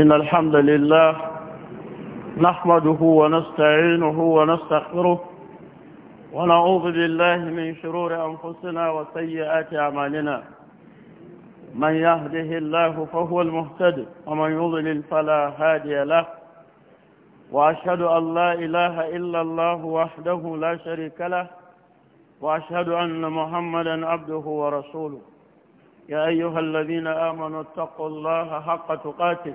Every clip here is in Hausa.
إن الحمد لله نحمده ونستعينه ونستغفره ونعوذ بالله من شرور أنفسنا وسيئات أعمالنا من يهده الله فهو المهتد ومن يضلل فلا هادي له وأشهد أن لا إله إلا الله وحده لا شريك له وأشهد أن محمدا عبده ورسوله يا أيها الذين آمنوا اتقوا الله حق تقاته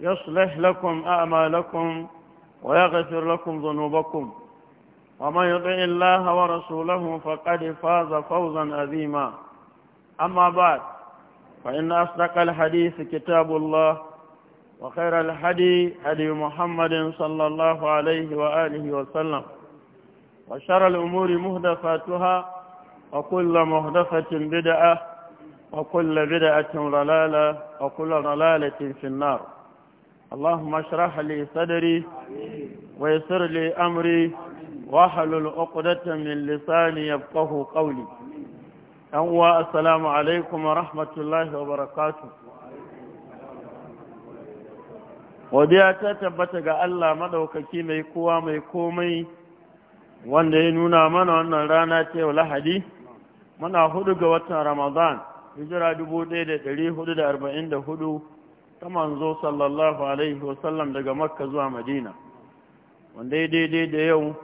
يصلح لكم أعمالكم ويغفر لكم ذنوبكم ومن يطع الله ورسوله فقد فاز فوزا عظيما أما بعد فإن أصدق الحديث كتاب الله وخير الحدي هدي محمد صلى الله عليه وآله وسلم وشر الأمور مهدفاتها وكل مهدفة بدعة وكل بدعة ضلالة وكل ضلالة في النار اللهم اشرح لي صدري ويسر لي أمري واحلل عقدة من لساني يفقه قولي أهو السلام عليكم ورحمة الله وبركاته وديا تتبت الله مدوككي ميكوا ميكومي wanda ya nuna mana wannan rana ce wa lahadi muna hudu ga watan ramadan hijira 1444 ta manzo sallallahu alaihi wasallam daga makka zuwa madina wanda ya daidai da yau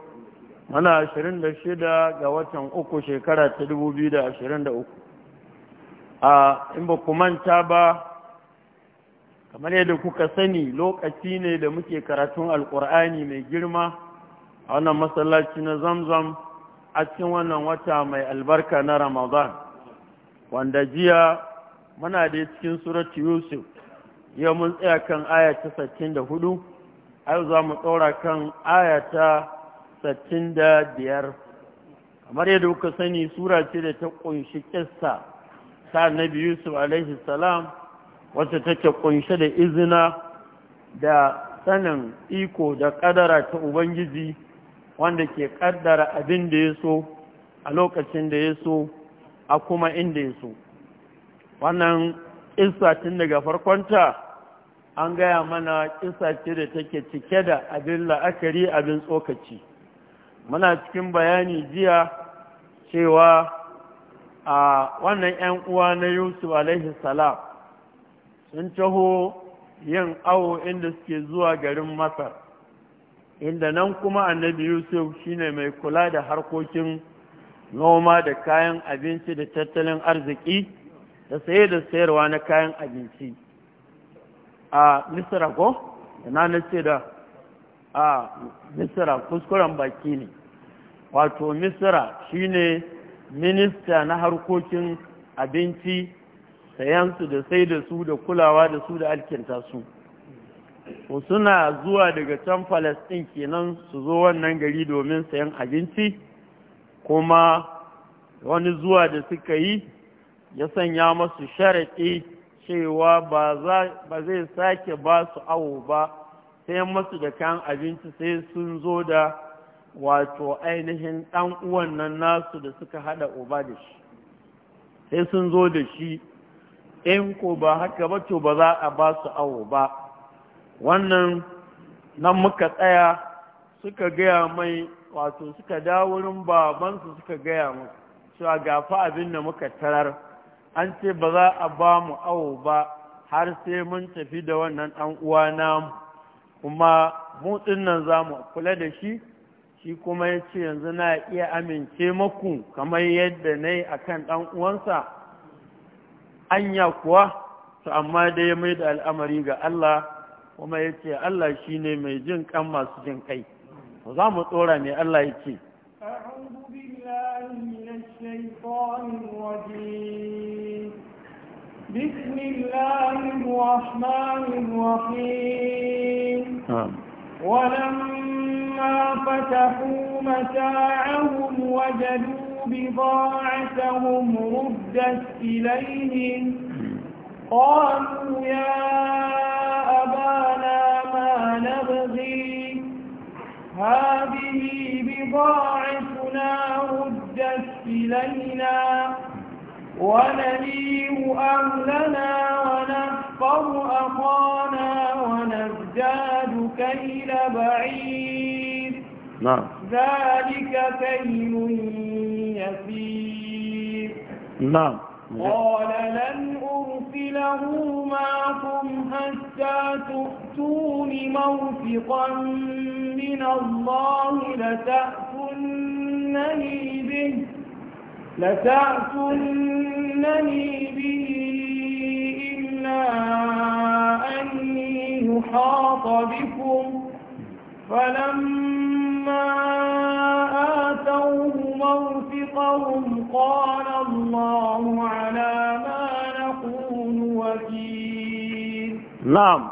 mana 26 ga watan uku shekara ta 2023 a in ba manta ba kamar yadda kuka sani lokaci ne da muke karatun alkur'ani mai girma a wannan masallaci na zamzam a cikin wannan wata mai albarka na ramadan wanda jiya muna da cikin suratu yusuf yau mun tsaya kan aya ta hudu, ayo za mu tsora kan aya ta biyar. kamar yadda kuka sani sura ce da ta kunshi kissa ta annabi Yusuf alaihi salam wacce take kunshe da izina da sanin iko da ƙadara ta ubangiji wanda ke kaddara abin da ya so a lokacin da ya so a kuma inda ya so wannan isa tun daga farkonta an gaya mana kisa ce da take cike da abin la'akari abin tsokaci muna cikin bayani jiya cewa a wannan 'yan uwa na yusuf alaihi salam sun taho yin awo inda suke zuwa garin masar inda nan kuma annabi yusuf shine mai kula da harkokin noma da kayan abinci da tattalin arziki da saye da sayarwa na kayan abinci a misira ko na na ce da a misira kuskuren baki ne wato misira shine minista na harkokin abinci sayansu da sai da su da kulawa da su da alkinta su suna zuwa daga can falastin kenan su zo wannan gari domin sayan abinci kuma wani zuwa da suka yi ya sanya masu sharaɗe cewa ba zai sake ba su awo ba sai masu da kan abinci sai sun zo da wato ainihin ɗan uwan nan nasu da suka haɗa uba da shi sai sun zo da shi in ko ba haka ba to ba za a ba su awo ba wannan nan muka tsaya suka gaya mai wato suka dawo wurin babansu suka gaya mai cewa gafa abin da muka tarar an ce ba za a ba mu awo ba har sai mun tafi da wannan ɗan uwa namu kuma mutsin nan za mu kula da shi shi kuma ya ce yanzu na iya amince maku kamar yadda na yi a kan ɗan uwansa anya kuwa to amma dai ya mai da al'amari ga Allah kuma ya ce Allah shi ne mai jin kan masu jin kai za mu tsora mai Allah ya ce أعوذ بالله من الشيطان الرجيم بسم الله الرحمن الرحيم نعم. ولما فتحوا متاعهم وجدوا بضاعتهم ردت إليهم قالوا يا أبانا ما نبغي هذه بضاعتنا ردت إلينا ونليم أهلنا ونفقر أخانا ونزداد كيل بعيد نعم ذلك كيل يسير نعم قال لن أرسله معكم حتى تؤتون موثقا من الله لتأتونني به لتأتنني به إلا أني يحاط بكم فلما آتوه موثقهم قال الله على ما نقول وكيل نعم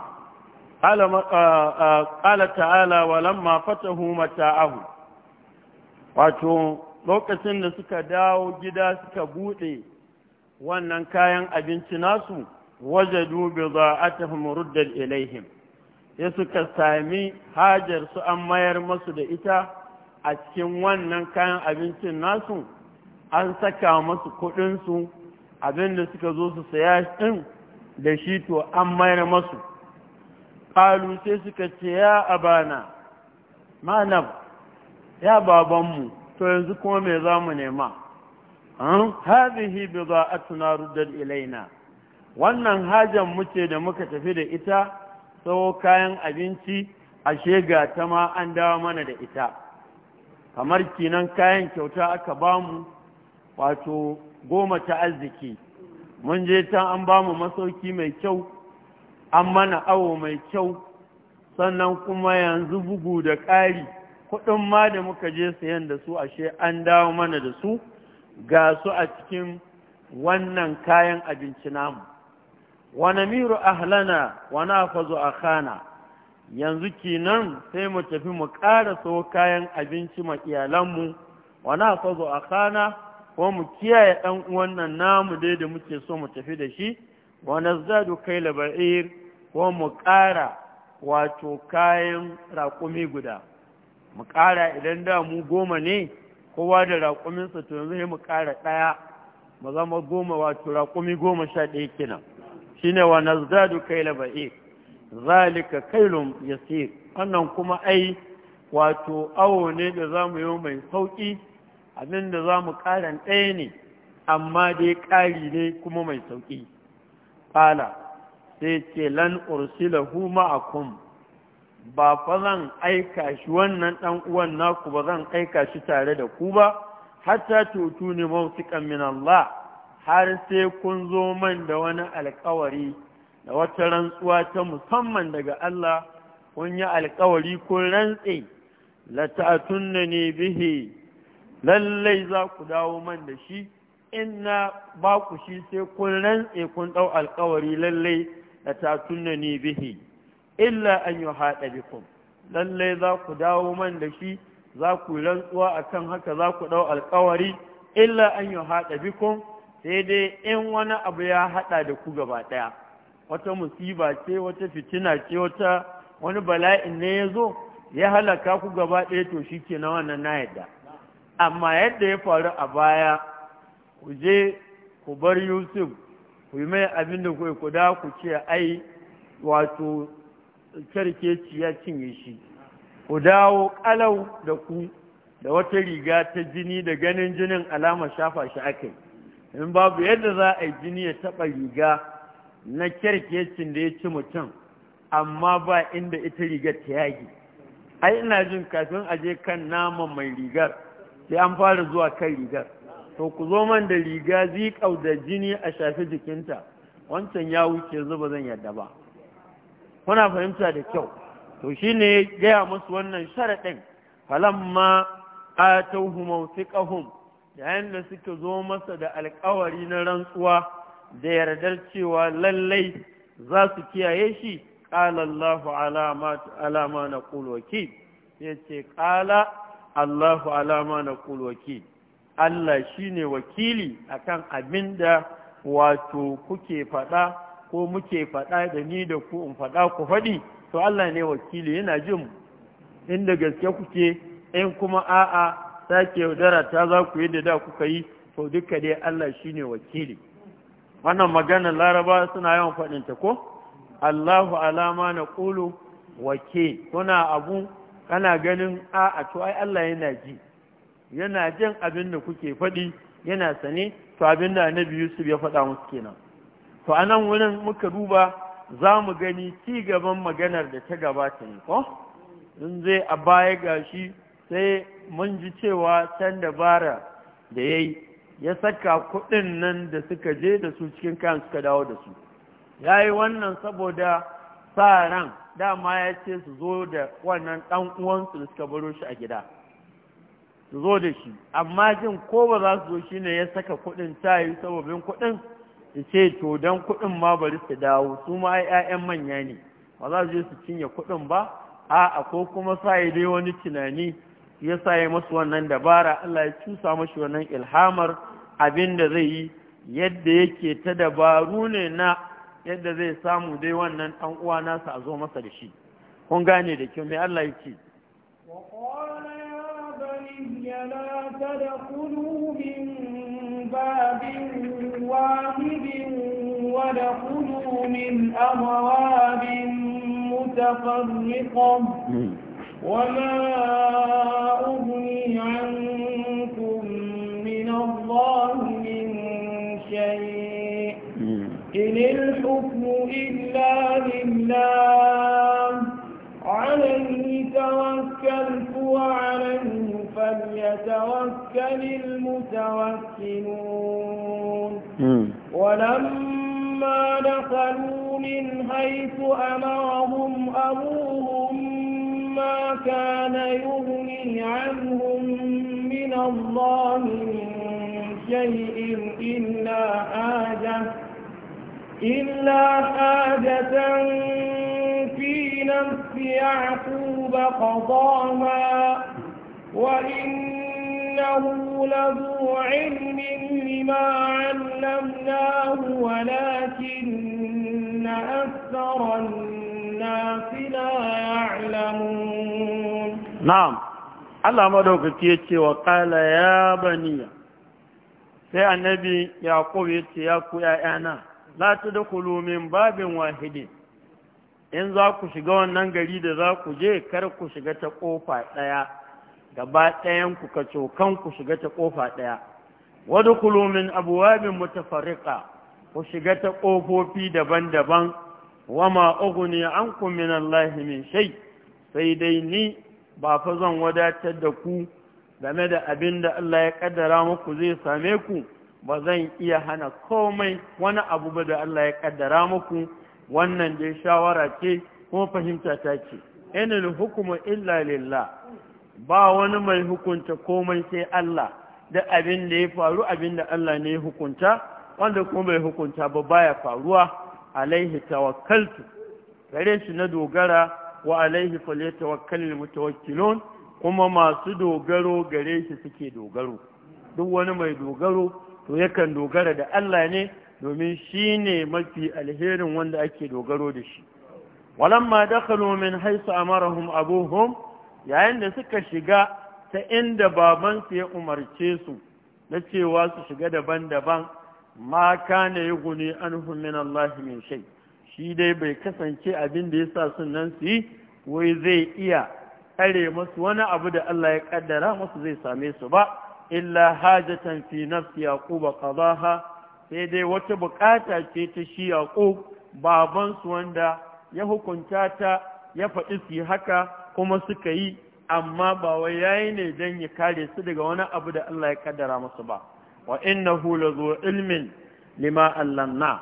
قال آه، آه، تعالى ولما فتحوا متاعهم وَأَتُوا lokacin da suka dawo gida suka buɗe wannan kayan abinci nasu wajadu bi za'atuhum ruddal ilaihim ya suka sami hajar su an mayar masu da ita a cikin wannan kayan abincin nasu an saka masu kuɗinsu abinda suka zo su saya ɗin da shi to an mayar masu ƙalu sai suka ce ya abana manab ya babanmu to yanzu kuma me za mu nema an bi za a tuna ilaina wannan hajan muke da muka tafi da ita sau kayan abinci a shega ta ma an dawo mana da ita kamar kinan kayan kyauta aka bamu wato goma ta arziki mun je ta an bamu masauki mai kyau an mana awo mai kyau sannan kuma yanzu bugu da ƙari kuɗin ma da muka je sayan da su ashe an dawo mana da su ga su a cikin wannan kayan abinci namu wani namiru ahlana wa a kana yanzu kinan sai mu tafi mu ƙara so kayan abinci ma iyalanmu wa a kana ko mu kiyaye ɗan uwannan namu dai da muke so mu tafi da shi wani zadu kai labar'ir ko mu ƙara wato kayan raƙumi guda mu ƙara idan da mu goma ne kowa da raƙuminsa to yanzu mu ƙara ɗaya mu zama goma wato raƙumi goma sha ɗaya kenan ne wa nazdadu kai laba'i zalika kailun yasir wannan kuma ai wato awo ne da za mu yi mai sauƙi? abin da za mu ƙara ɗaya ne amma dai ƙari ne kuma mai sauƙi. Fala sai ce lan a ma'akum ba fa zan aika shi wannan ɗan uwan naku ba zan aika shi tare da ku ba hatta tutu ne mawtiqan min Allah har sai kun zo man da wani alƙawari da wata rantsuwa ta musamman daga Allah kun yi alƙawari kun rantse la ta'tunna ne bihi lallai za ku dawo man da shi inna ba ku shi sai kun rantse kun ɗau alƙawari lallai la ne bihi illa an yi haɗa bikum lallai za ku dawo man da shi za ku rantsuwa akan haka za ku ɗau alkawari illa an yi haɗa bikum sai dai in wani abu ya haɗa da ku gaba ɗaya wata musiba ce wata fitina ce wata wani bala'in ne ya zo ya halaka ku gaba ɗaya to shi ke na wannan na yadda amma yadda ya faru a baya ku je ku bar yusuf ku yi mai abin da ku da ku ce ai wato kyarkeci ya cinye shi ku dawo kalau da ku da wata riga ta jini da ganin jinin alama shafa shi aka yi in babu yadda za a yi jini ya taɓa riga na kyarkecin da ya ci mutum amma ba inda ita rigar ta yage ai ina jin kafin aje kan nama mai rigar sai an fara zuwa kan rigar to ku zo man da riga zikau da jini a shafi jikinta wancan ya wuce zuba zan yadda ba kuna fahimta da kyau to shine ya gaya musu wannan sharaɗin falamma atauhu mawsiqahum da da suka zo masa da alƙawari na rantsuwa da yardar cewa lallai za su kiyaye shi qala Allahu alama alama na wakil yace ƙala Allahu alama na wakil Allah shine wakili akan abinda wato kuke faɗa ko muke faɗa da ni da ku in faɗa ku faɗi to Allah ne wakili yana jin inda gaske kuke in kuma a'a sake yaudara ta za ku yi da da kuka yi to duka dai Allah shine wakili wannan magana laraba suna yawan faɗinta ko Allahu alama na ƙulu wake kuna abu kana ganin a'a to ai Allah yana ji yana jin abin da kuke faɗi yana sane to abin da annabi Yusuf ya faɗa musu kenan to a nan wurin muka duba za mu gani ci gaban maganar da ta gabata ne ko in zai a baya ga shi sai mun ji cewa can dabara da ya yi ya saka kuɗin nan da suka je da su cikin kayan suka dawo da su ya yi wannan saboda sa ran dama ya ce su zo da wannan ɗan uwansu da suka baro shi a gida su zo da shi amma jin ko ba za su zo shi ne ya saka kuɗin ta yi sababin kuɗin ce to don kuɗin ma bari su dawo su ma ‘ya'yan manya ne ba za su je su cinye kuɗin ba a ko kuma sa yi dai wani tunani ya sa ya masu wannan dabara Allah ya cusa mashi wannan ilhamar abin da zai yi yadda yake ta dabaru ne na yadda zai samu dai wannan ɗan uwa nasa a zo masa da shi kun gane da kyau mai Allah ya ce تدخلوا من باب واحد دخلوا من أبواب متفرقة وما أغني عنكم من الله من شيء إن الحكم إلا لله عليه توكلت وعليه فليتوكل المتوكلون دخلوا من حيث أمرهم أبوهم ما كان يغني عنهم من الله من شيء إلا حاجة إلا حاجة في نفس يعقوب قضاها وإنه لذو علم العلم ما علمناه ولكن أكثر الناس لا يعلمون نعم Allah maɗauka ke ce wa ƙala ya baniya, sai annabi Yaƙub ya ce ya ku ’ya’yana, za ta da kulomin babin wahidin, in za ku shiga wannan gari da za ku je kar ku shiga ta ƙofa ɗaya, gaba ɗayan ku kan ku shiga ta ƙofa ɗaya. wadkhulu min ta mutafarriqa ku shiga ta ƙofofi daban-daban wama an ankum min Allah min shay sai dai ni ba fa zan wadatar da ku game da abin da Allah ya kaddara muku zai same ku ba zan iya hana komai wani abu ba da Allah ya kaddara muku wannan dai shawara ce kuma fahimta ta ce inil hukumu illa lillah ba wani mai hukunta komai sai Allah da abin da ya faru abin da Allah ne ya hukunta wanda kuma bai hukunta ba baya faruwa alaihi tawakkaltu gare shi na dogara wa alaihi falyatawakkalul mutawakkilun kuma masu dogaro gare shi suke dogaro duk wani mai dogaro to yakan dogara da Allah ne domin shi ne mafi alherin wanda ake dogaro da shi walamma dakhalu min haythu amarahum abuhum yayin da suka shiga ta inda babansu ya umarce su na cewa su shiga daban-daban ma ne yi guni an min Allah min shai shi dai bai kasance abin da ya sa sunan su yi wai zai iya tsare masu wani abu da Allah ya kaddara masu zai same su ba illa hajatan fi nafsi yaquba qadaha sai dai wata bukata ce ta shi yaqub babansu wanda ya hukunta ta ya faɗi su haka kuma suka yi amma ba wai yayi ne dan ya kare su daga wani abu da Allah ya kaddara musu ba wa innahu zu ilmin lima allanna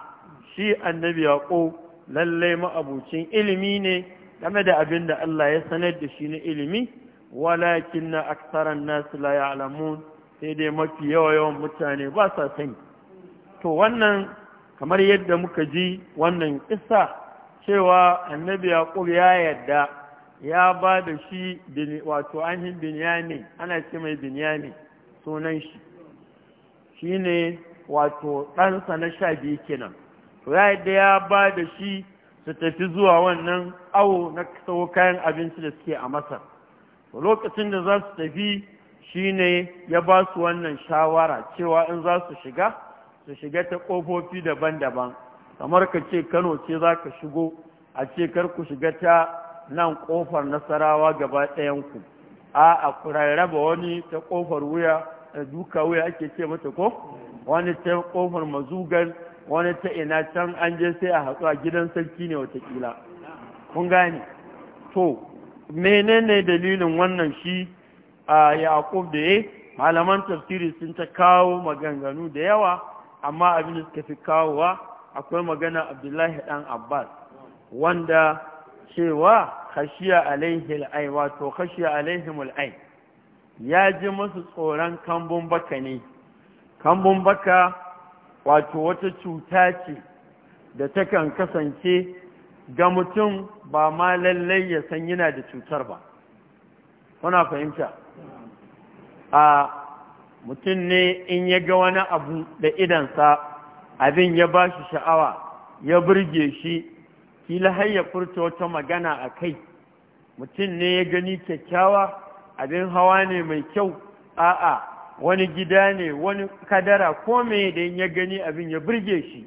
shi annabi yaqo lalle ma'abucin ilimi ne game da abin da Allah ya sanar da shi na ilimi walakin na aksaran nasu la ya'lamun sai dai mafi yawa yawan mutane ba sa sani to wannan kamar yadda muka ji wannan isa cewa annabi yaqub ya yadda ya ba da shi wato ainihin binyani ana ce mai binyani sunan shi shi ne wato ɗansa na sha biyu kenan to ya yadda ya ba da shi su tafi zuwa wannan awo na sau kayan abinci da suke a masar to lokacin da za su tafi shi ne ya ba su wannan shawara cewa in za su shiga su shiga ta ƙofofi daban-daban kamar ka ce kano ce za ka shigo a ce kar ku shiga ta nan ƙofar nasarawa gaba ɗayanku a a rarraba wani ta ƙofar wuya eh, duka wuya ake ce mata ko wani ta ƙofar mazugan wani ta ina can an je sai a hatsu a gidan sarki ne watakila kun gane to menene dalilin wannan shi a yaƙub da ya malaman tafsiri sun ta kawo maganganu da yawa amma abin da suka fi kawowa akwai magana abdullahi ɗan abbas wanda cewa khashiya alaihil ai wato khashiya alaihimul ai ya ji musu tsoron kambun baka ne kambun baka wato wata cuta ce da takan kasance ga mutum ba ma lallai ya san yana da cutar ba kuna fahimta a mutum ne in ya ga wani abu da idansa abin ya ba shi sha'awa ya burge shi kila har ya furta wata magana a kai mutum ne ya gani kyakkyawa abin hawa ne mai kyau a'a wani gida ne wani kadara ko me da ya gani abin ya burge shi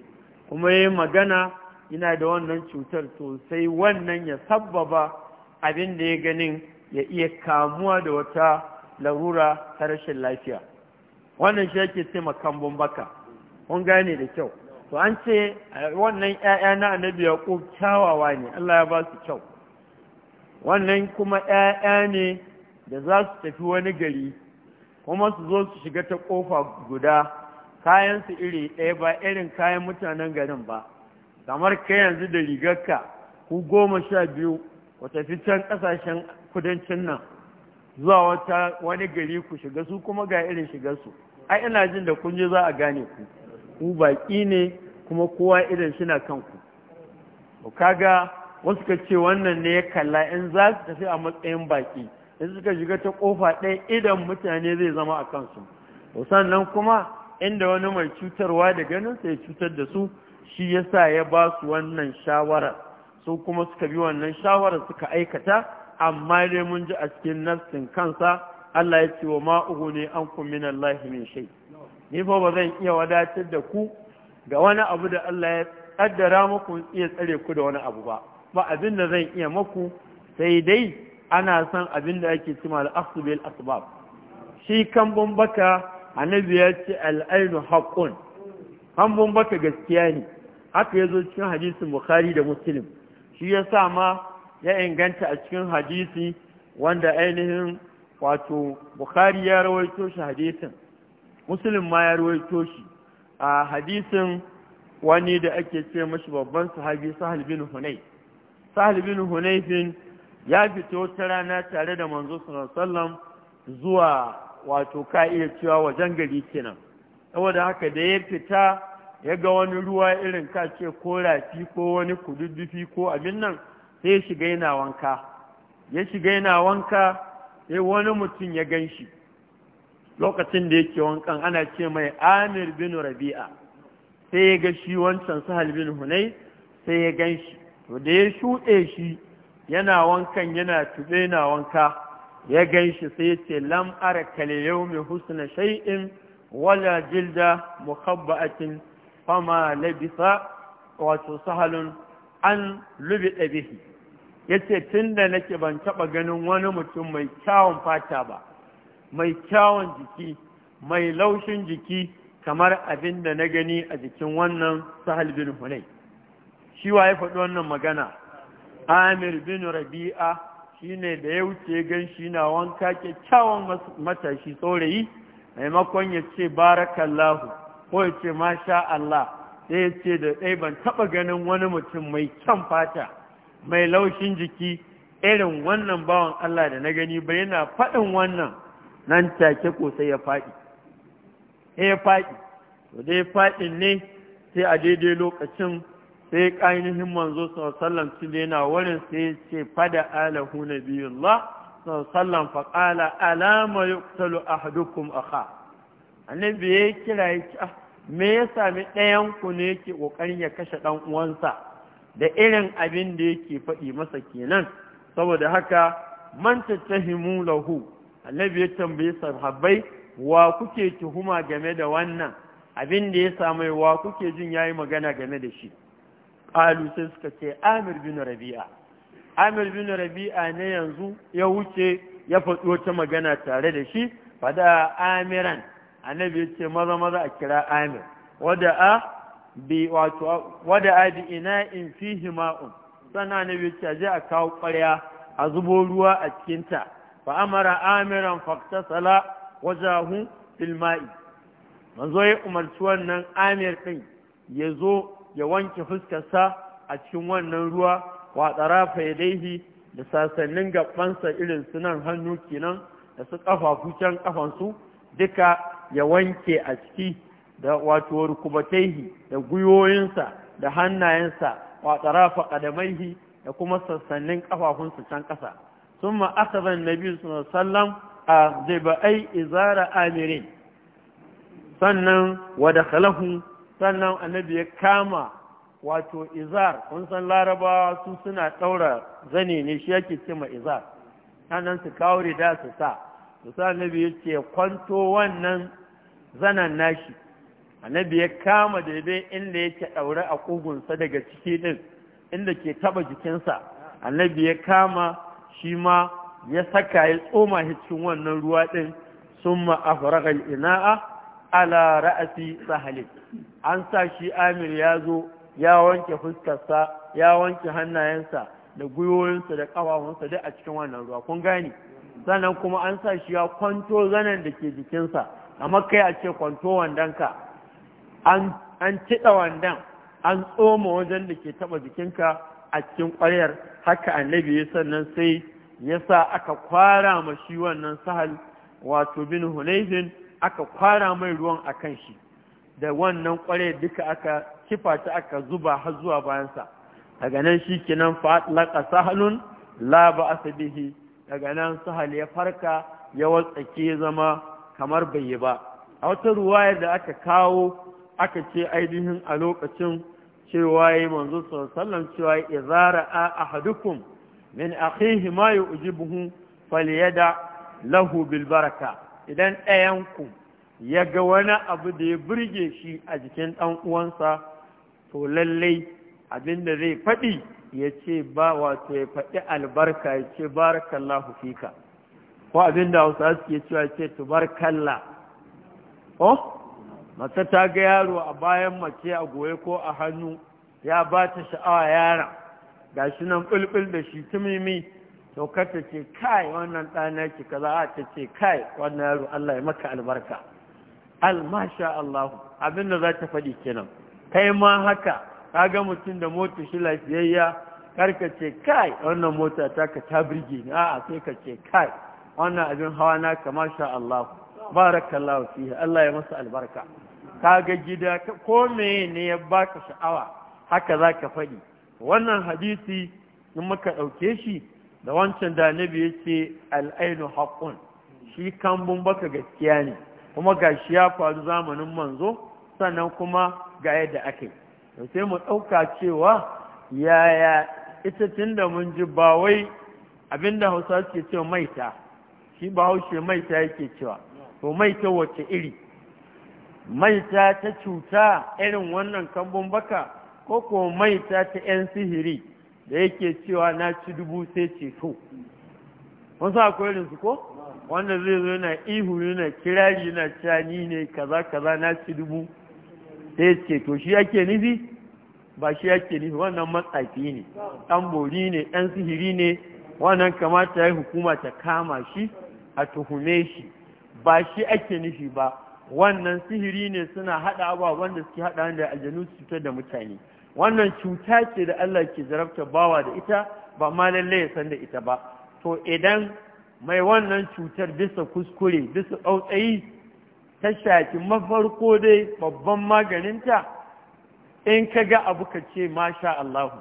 kuma ya yi magana ina da wannan cutar sosai, wannan ya sabbaba abin da ya ganin ya iya kamuwa da wata larura ta rashin lafiya wannan shi yake ce makambun baka kun da kyau to an ce eh, wannan ‘ya'ya na annabi yaƙub kyawawa ne Allah ya ba su kyau wannan kuma ‘ya'ya ne da za su tafi wani gari kuma su zo su shiga ta ƙofa guda kayansu iri ɗaya ba irin kayan mutanen garin ba kamar kai yanzu da rigarka ku goma sha biyu ku tafi can ƙasashen kudancin nan zuwa wata wani gari ku shiga su kuma ga irin shigarsu su ai ina jin da kun je za a gane ku ku baƙi ne kuma kowa idan shina kanku to kaga wasu ka ce wannan ne ya kalla in za su tafi a matsayin baƙi in suka shiga ta ƙofa ɗaya idan mutane zai zama a kansu to sannan kuma inda wani mai cutarwa da ganin sai cutar da su shi yasa ya ba su wannan shawara su kuma suka bi wannan shawara suka aikata amma dai mun ji a cikin nafsin kansa Allah ya ce wa ma'uhu ne an kun min Allah min ni fa ba zan iya wadatar da ku ga wani abu da Allah ya kaddara muku iya tsare ku da wani abu ba ba abin da zan iya muku sai dai ana son abin da ake cima al bil asbab shi kan baka annabi ya ce al-ainu haqqun kan baka gaskiya ne haka yazo cikin hadisin bukhari da muslim shi yasa ma ya inganta a cikin hadisi wanda ainihin wato bukhari ya rawaito shi hadisin muslim ma ya ruwaito shi a hadisin wani da ake ce mashi babban sahabi sahal bin Hunai. sahal bin bin ya fito wata rana tare da manzo sallam zuwa wato ka iya cewa wajen gari kenan saboda haka da ya fita ya ga wani ruwa irin ka ce ko rafi ko wani kududdufi ko abin nan sai ya shiga yana wanka ya shiga yana wanka sai wani mutum ya gan shi lokacin da yake wankan ana ce mai amir bin rabi'a sai ya ga shi wancan sahal bin hunai sai ya gan shi to da ya shuɗe shi yana wankan yana tube na wanka ya gan shi sai ya ce lam ara kale yau mai husna shai'in wala jilda muhabba'atin fama labisa wato sahalun an lubi bihi ya ce tun da nake ban taɓa ganin wani mutum mai kyawun fata ba mai kyawun jiki mai laushin jiki kamar abin da na gani a jikin wannan sahal bin hunai shi wa ya faɗi wannan magana amir bin rabi'a ne da ya wuce gan shi na wanka kyakkyawan matashi saurayi maimakon ya ce barakallahu ko ya ce masha Allah sai ya ce da ɗai ban taɓa ganin wani mutum mai kyan fata mai laushin jiki irin wannan bawan Allah da na gani ba yana faɗin wannan nan take ko sai ya faɗi sai ya faɗi to dai faɗin ne sai a daidai lokacin sai ƙainihin manzo alaihi wasallam yana wurin sai ce fada alahu nabiyullah sallallahu fa qala alama yuqtalu ahadukum akha annabi ya kira ya ce ah, me ya sami ɗayan ku ne yake kokarin ya kashe dan uwansa da irin abin da yake faɗi masa kenan saboda haka man tattahimu lahu annabi ya tambayi sahabbai wa kuke tuhuma game da wannan abin da ya samu wa kuke jin yayi magana game da shi qalu sai suka ce amir bin rabi'a amir bin rabi'a ne yanzu ya wuce ya faɗi wata magana tare da shi fada amiran annabi ya ce maza maza a kira amir a bi wato a bi in fihi ma'un sannan annabi ya ce a je a kawo ƙwarya a zubo ruwa a cikinta fa'amara amiran faktasala wajahu filma'i manzo ya umarci wannan amir ɗin ya zo ya wanke fuskarsa a cikin wannan ruwa wa tsarafa ya da sasannin gabansa irin su nan hannu kenan da su ƙafafu can ƙafansu duka ya wanke a ciki da wato rukubataihi da gwiwoyinsa da hannayensa wa tsarafa ƙadamaihi da kuma sassanin ƙafafunsa can ƙasa ثم أخذ النبي صلى الله عليه وسلم أغضبأي إزار آمرين sannan wadakalahu sannan annabi ya kama wato izar kun san larabawa su suna ɗaura zane ne shi yake ce ma izar sannan su kawo rida su sa su sa annabi ya ce kwanto wannan zanen nashi annabi ya kama daidai inda yake ɗaure a ƙugunsa daga ciki ɗin inda ke taɓa jikinsa annabi ya kama shi ma ya saka ya tsoma shi cikin wannan ruwa ɗin sun ma'afaraga ina'a ala ra'asi sahalin an sa shi amir ya zo ya wanke fuskarsa ya wanke hannayensa da gwiwoyinsa da ƙafafunsa duk a cikin wannan ruwa kun gane sannan kuma an sa shi ya kwanto zanen da ke jikinsa amma kai a ce kwanto wandonka an ciɗa wandon an tsoma wajen da ke taɓa jikinka a cikin ƙwaryar haka annabi ya sannan sai ya sa aka kwara ma shi wannan sahal wato bin hunaifin aka kwara mai ruwan a kan shi da wannan kware duka aka kifa ta aka zuba har zuwa bayansa daga nan shi kinan fatlaka sahalun la ba asabihi daga nan sahal ya farka ya watsake zama kamar bai yi ba a wata ruwayar da aka kawo aka ce ainihin a lokacin cewa yi manzo sallam cewa izara a ahadukum min akhihi ma yu'jibuhu falyada lahu bil baraka idan ɗayan ku ya ga wani abu da ya burge shi a jikin ɗan uwansa to lallai abin da zai faɗi ya ce ba wato ya faɗi albarka ya ce barakallahu fika ko abin da hausa suke cewa ya ce tubarkalla oh Mata ta ga yaro a bayan mace a goye ko a hannu ya ba ta sha'awa yara ga shi nan ɓulɓul da shi tumimi to ta ce kai wannan ɗana ki kaza a ta ce kai wannan yaro Allah ya maka albarka almasha Allah abin da za ta faɗi kenan kai ma haka "Ka ga mutum da mota shi lafiyayya karka ce kai wannan mota ta ka ta birge ni a'a sai ka ce kai wannan abin hawa na ka masha Allah barakallahu fihi Allah ya masa albarka ka ga gida ko ne ya baka sha'awa haka za ka faɗi wannan hadisi in muka ɗauke shi da wancan da nabi ya ce al'ainu haƙƙun shi kambun baka gaskiya ne kuma ga shi ya faru zamanin manzo sannan kuma ga yadda aka yi sai mu ɗauka cewa yaya ita tun da mun ji ba wai abinda hausa suke cewa maita shi ba haushe maita yake cewa to maita wace iri maita ta cuta irin wannan kambun baka ko ko maita ta 'yan sihiri da yake cewa na ci dubu sai ceto wasu akwai irin su ko wanda zai zo yana ihu yana kirari yana cewa ni ne kaza kaza na ci dubu sai ceto shi ake nufi ba shi ake nufi wannan matsafi ne ɗan bori ne ɗan sihiri ne wannan kamata ya hukuma ta kama shi a tuhume shi ba shi ake nufi ba wannan sihiri ne suna haɗa abuwa wanda suke haɗa da aljanu cutar da mutane wannan cuta ce da Allah ke zarabta bawa da ita ba ma lalle ya san da ita ba to idan mai wannan cutar bisa kuskure bisa tsautsayi ta shaki mafarko dai babban maganinta in ka ga abu ka ce masha Allahu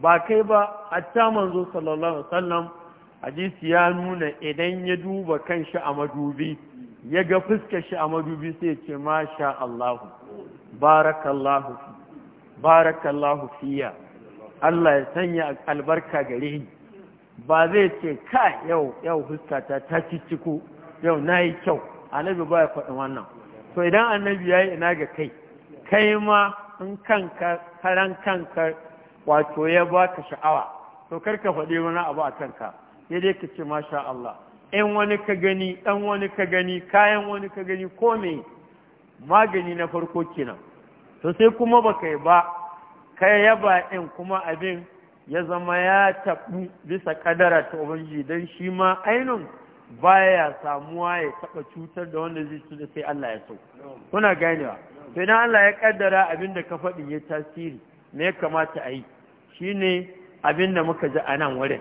ba kai ba hatta manzo sallallahu alaihi wasallam hadisi ya nuna idan ya duba kanshi a madubi ya ga fuskar shi a madubi sai ya ce masha Allahu barakallahu barakallahu fiya Allah ya sanya albarka gare ni ba zai ce ka yau yau fuskata ta cicciku yau nayi kyau annabi ba ya faɗi wannan to idan annabi yayi ina ga kai kai ma in kanka karan kanka wato ya baka sha'awa to karka faɗi wani abu a kanka sai dai ka ce masha Allah in wani ka gani ɗan wani ka gani kayan wani ka gani ko me magani na farko kenan to sai kuma baka yi ba ka yaba in kuma abin ya zama ya taɓu bisa kadara ta ubangiji don shi ma ainun baya samuwa ya taɓa cutar da wanda zai da sai Allah ya sau, kuna ganewa to idan Allah ya kaddara abin da ka faɗi ya tasiri me ya kamata a yi shine abin da muka ji a nan wurin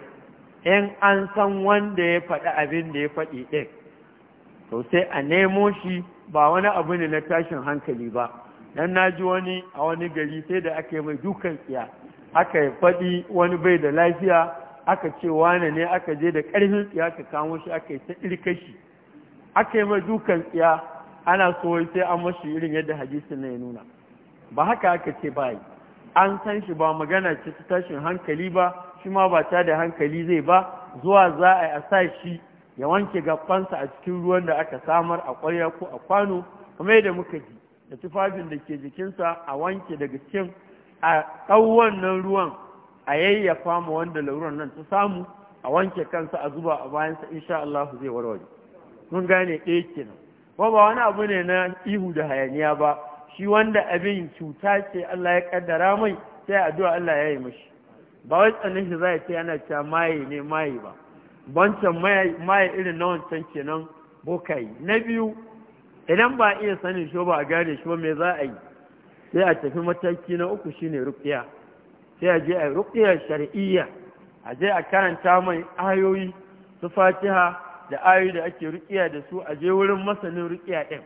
in an san wanda ya faɗi abin da ya faɗi ɗin to sai a nemo shi ba wani abu ne na tashin hankali ba don na ji wani a wani gari sai da aka yi mai dukan tsiya aka faɗi wani bai da lafiya aka ce wane ne aka je da ƙarfin tsiya ka kamo shi aka yi ta irkashi aka yi mai dukan tsiya ana so sai an mashi irin yadda hadisi na ya nuna ba haka aka ce ba an san shi ba magana ce ta tashin hankali ba shi ma ba ta da hankali zai ba zuwa za a sa shi ya wanke gabansa a cikin ruwan da aka samar a ƙwarya ko a kwano kamar yadda muka ji da tufafin da ke jikinsa a wanke daga cikin a ɗau wannan ruwan a yayyafa ma wanda laruran nan ta samu a wanke kansa a zuba a bayansa insha Allah zai warware mun gane ɗaya kenan nan. ba wani abu ne na ihu da hayaniya ba shi wanda abin cuta ce Allah ya ƙaddara mai sai addu'a Allah ya yi mashi ba wai tsanin shi za ce yana cewa maye ne maye ba wancan maye irin na wancan kenan bokayi na biyu idan ba iya sanin shi ba a gane shi ba mai za a yi sai a tafi mataki na uku shine rukiya sai a je a rukiya shar'iyya a je a karanta mai ayoyi su fatiha da ayoyi da ake rukiya da su a je wurin masanin rukiya ɗin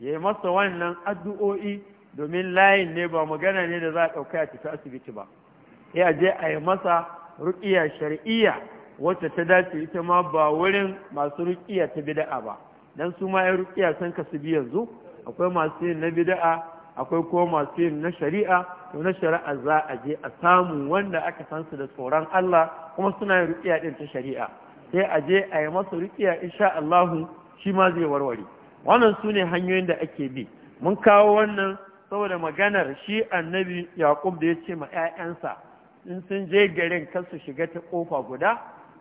ya yi masa wannan addu'o'i domin layin ne ba magana ne da za a ɗauka a tafi asibiti ba ya je a yi masa ruƙiya shari'iyya wacce ta dace ita ma ba wurin masu ruƙiya ta bida'a ba don su ma yan ruƙiya san ka su bi yanzu akwai masu yin na bida'a akwai ko masu yin na shari'a to na shari'a za a je a samu wanda aka san su da tsoron Allah kuma suna yin ruƙiya din ta shari'a sai a je a yi masa ruƙiya insha Allahu, shi ma zai warware wannan su ne hanyoyin da ake bi mun kawo wannan saboda maganar shi annabi Yaqub da ya ce ma 'ya'yansa in sun je garin kansu shiga ta kofa guda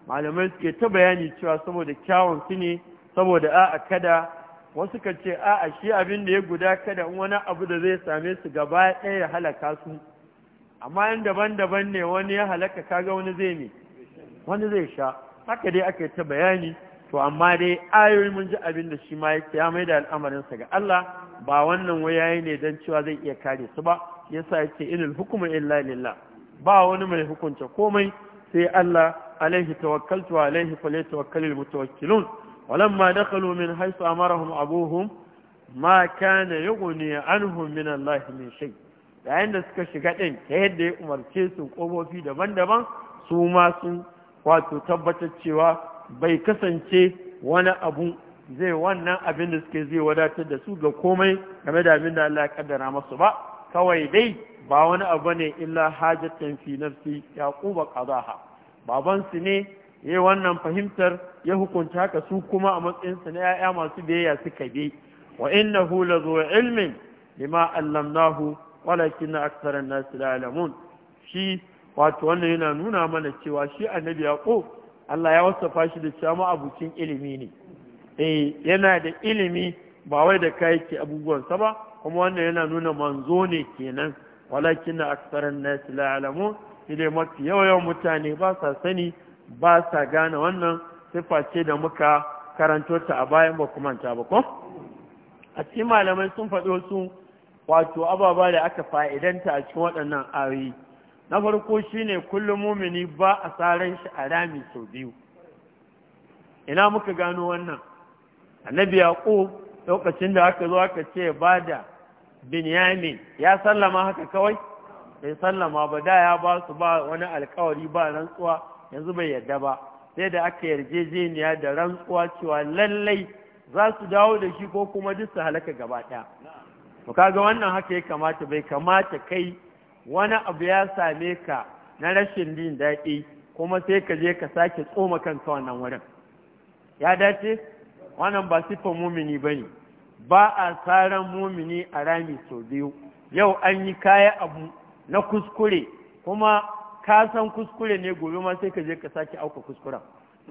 malamai suke ta bayani cewa saboda kyawun su ne saboda a'a kada wasu ka ce a'a shi abin da ya guda kada in wani abu da zai same su gaba ɗaya ya halaka su amma yan daban-daban ne wani ya halaka kaga wani zai ne wani zai sha haka dai aka yi ta bayani to amma dai ayoyi mun ji abin da shi ma ya mai da al'amarinsa ga Allah ba wannan wayaye ne don cewa zai iya kare su ba yasa ce inil hukumu illa lillah ba wani mai hukunta komai sai Allah alaihi tawakkaltu alaihi falyatawakkalul mutawakkilun walamma dakhalu min haythu amarahum abuhum ma kana yughni anhum min Allah min shay yayin da suka shiga din ta yadda ya umarce su kofofi daban-daban su ma sun wato tabbatar cewa bai kasance wani abu zai wannan abin da suke zai wadatar da su ga komai game da abin da Allah ya kaddara masu ba kawai dai ba wani abu ne illa hajjatan fi nafsi yaquba qadaha Babansu su ne yayi wannan fahimtar ya hukunta haka su kuma a matsayin na yaya masu biyayya suka bi wa innahu la zu ilmin lima allamnahu walakin na an-nas la shi wato wannan yana nuna mana cewa shi annabi yaqub Allah ya wasafa shi da cewa abucin ilimi ne eh yana da ilimi ba wai da kai abubuwansa ba kuma wannan yana nuna manzo ne kenan walakin na aksarin nasi la'alamu ile mafi yawan mutane ba sa sani ba sa gane wannan sifa ce da muka karanto ta a bayan ba kuma ta ba ko a cikin malamai sun faɗo su wato ababa da aka fa'idanta a cikin waɗannan ayoyi na farko shine kullum mumini ba a saran shi a rami sau biyu ina muka gano wannan annabi yaqub lokacin da aka zo aka ce bada. binyamin ya sallama haka kawai bai sallama ba da ya ba su ba wani alkawari ba rantsuwa yanzu bai yarda ba sai da aka yarjejeniya da rantsuwa cewa lallai za su dawo da shi ko kuma duk su halaka gaba ɗaya to kaga wannan haka ya kamata bai kamata kai wani abu ya same ka na rashin jin daɗi kuma sai ka je ka sake tsoma kanka wannan wurin ya dace wannan ba siffan mumini ba ne ba a tsaron mumini a rami sau biyu yau an yi kaya abu na kuskure kuma ka san kuskure ne gobe ma sai ka je ka sake auka kuskura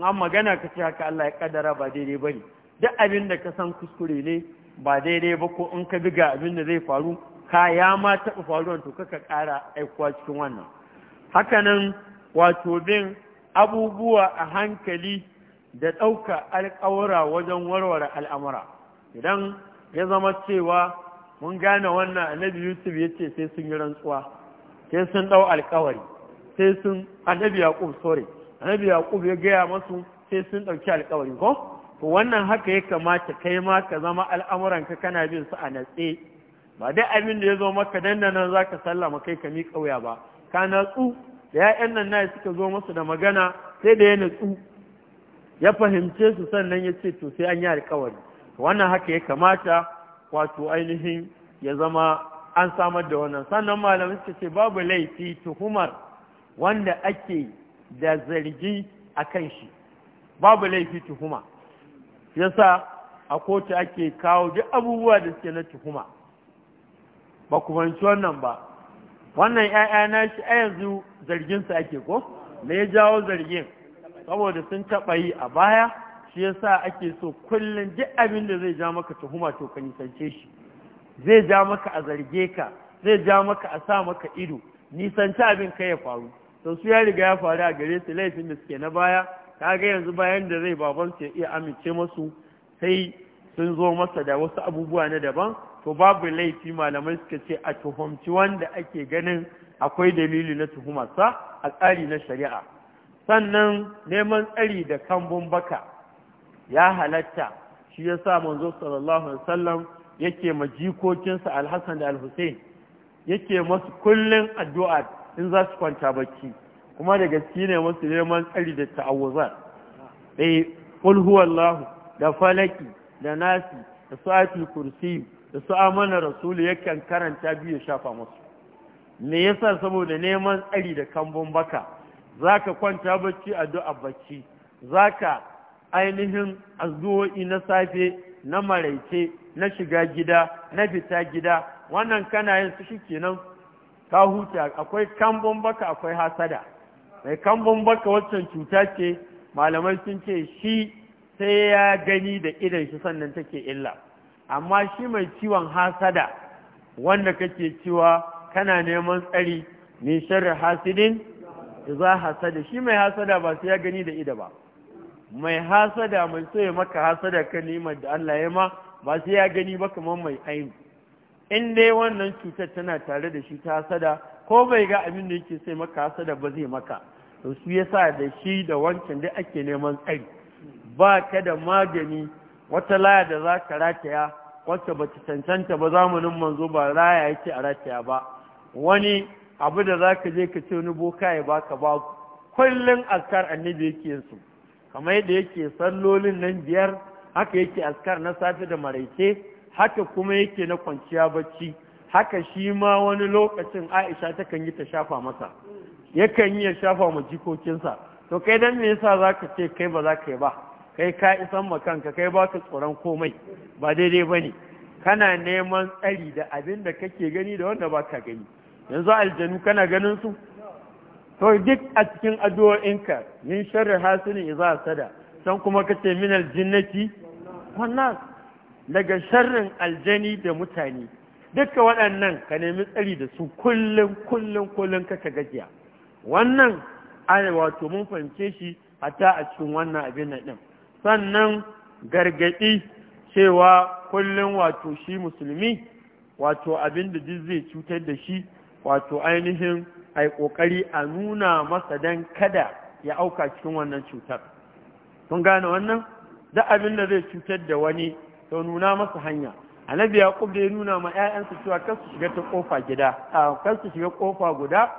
a magana ka ce haka Allah ya kaddara ba daidai ba ne duk abin da ka san kuskure ne ba daidai ba ko in ka biga abin da zai faru Kaya ma taɓa faruwa to kaka ƙara aikuwa cikin wannan hakanan wato bin abubuwa a hankali da ɗauka alƙawura wajen warware al'amura idan ya zama cewa mun gane wannan annabi yusuf ya ce sai sun yi rantsuwa sai sun ɗau alkawari sai sun annabi yaqub sorry annabi yaqub ya gaya masu sai sun ɗauki alkawari ko to wannan haka ya kamata kai ma ka zama al'amuran ka kana bin su a natse ba dai abin da ya zo maka dandanan za ka sallama kai ka miƙa kauya ba ka natsu da ya'yan nan nayi suka zo masu da magana sai da ya natsu ya fahimce su sannan ya ce to sai an yi alkawari wannan haka ya kamata wato ainihin ya zama an samar da wannan sannan malamai suka ce babu laifi tuhumar wanda ake da zargi a kan shi babu laifi tuhuma yasa a kotu ake kawo duk abubuwa da suke na tuhuma ba ku fahimci wannan ba wannan 'ya'ya na shi a yanzu zarginsa ake ko me ya jawo zargin saboda sun taɓa yi a baya shi yasa ake so kullum duk abin da zai ja maka tuhuma to ka nisance shi zai ja maka a zarge ka zai ja maka a sa maka ido Nisance abin kai ya faru to su ya riga ya faru a gare su laifin da suke na baya kaga yanzu bayan da zai baban su ya iya amince masu sai sun zo masa da wasu abubuwa na daban to babu laifi malamai suka ce a tuhumci wanda ake ganin akwai dalili na tuhumarsa a tsari na shari'a sannan neman tsari da kambun baka ya halatta shi ya sa manzo sallallahu alaihi wasallam yake ma jikokinsa alhassan da alhussein yake masu kullum addu'a in za su kwanta bacci kuma da gaske ne masu neman tsari da ta'awuzar eh qul huwallahu da falaki da nasi da su'atul kursi da su rasul rasulu yakan karanta biyu shafa masu me yasa saboda neman tsari da kambun baka zaka kwanta bacci addu'a bacci zaka ainihin azuwa'i na safe na maraice na shiga gida na fita gida wannan kana yin su shikenan ka huta akwai kambon baka akwai hasada mai kambon baka waccan cuta ce malamai sun ce shi sai ya gani da idan shi sannan take illa amma shi mai ciwon hasada wanda kake cewa kana neman tsari min sharri hasidin za hasada shi mai hasada ba sai ya gani da ida ba mai hasada mai so ya maka hasada kan ni'imar da Allah ya ma ba sai ya gani ba kamar mai aini in dai wannan cutar tana tare da shi ta hasada ko bai ga abin da yake sai maka hasada ba zai maka to su yasa da shi da wancan da ake neman tsari ba ka da magani wata laya da za ka rataya wacce ba ta cancanta ba zamanin manzo ba raya yake a rataya ba wani abu da za ka je ka ce wani boka ya baka ba kullum askar annabi yake yin su kamar yadda yake sallolin nan biyar haka yake askar na safe da maraice haka kuma yake na kwanciya bacci haka shi ma wani lokacin aisha ta kan yi ta shafa masa yakan yi ya shafa ma jikokinsa to kai dan me yasa zaka ce kai ba za ka yi ba kai ka isan ma kanka kai ba ka tsoron komai ba daidai ba ne kana neman tsari da abin da kake gani da wanda ba ka gani yanzu aljanu kana ganin su to duk a cikin addu'o'inka min sharri hasilin iza sada san kuma kace min aljinnati wannan daga sharrin aljani da mutane duka waɗannan ka nemi tsari da su kullum kullum kullum kaka gajiya wannan ana wato mun fahimce shi a ta a cikin wannan abin nan din sannan gargaɗi cewa kullum wato shi musulmi wato abin da duk zai cutar da shi wato ainihin a yi ƙoƙari a nuna masa don kada ya auka cikin wannan cutar Tun gane wannan da abin da zai cutar da wani to nuna masa hanya annabi yaqub da ya nuna ma 'ya'yansu cewa kar su shiga ta kofa gida a kar su shiga ƙofa guda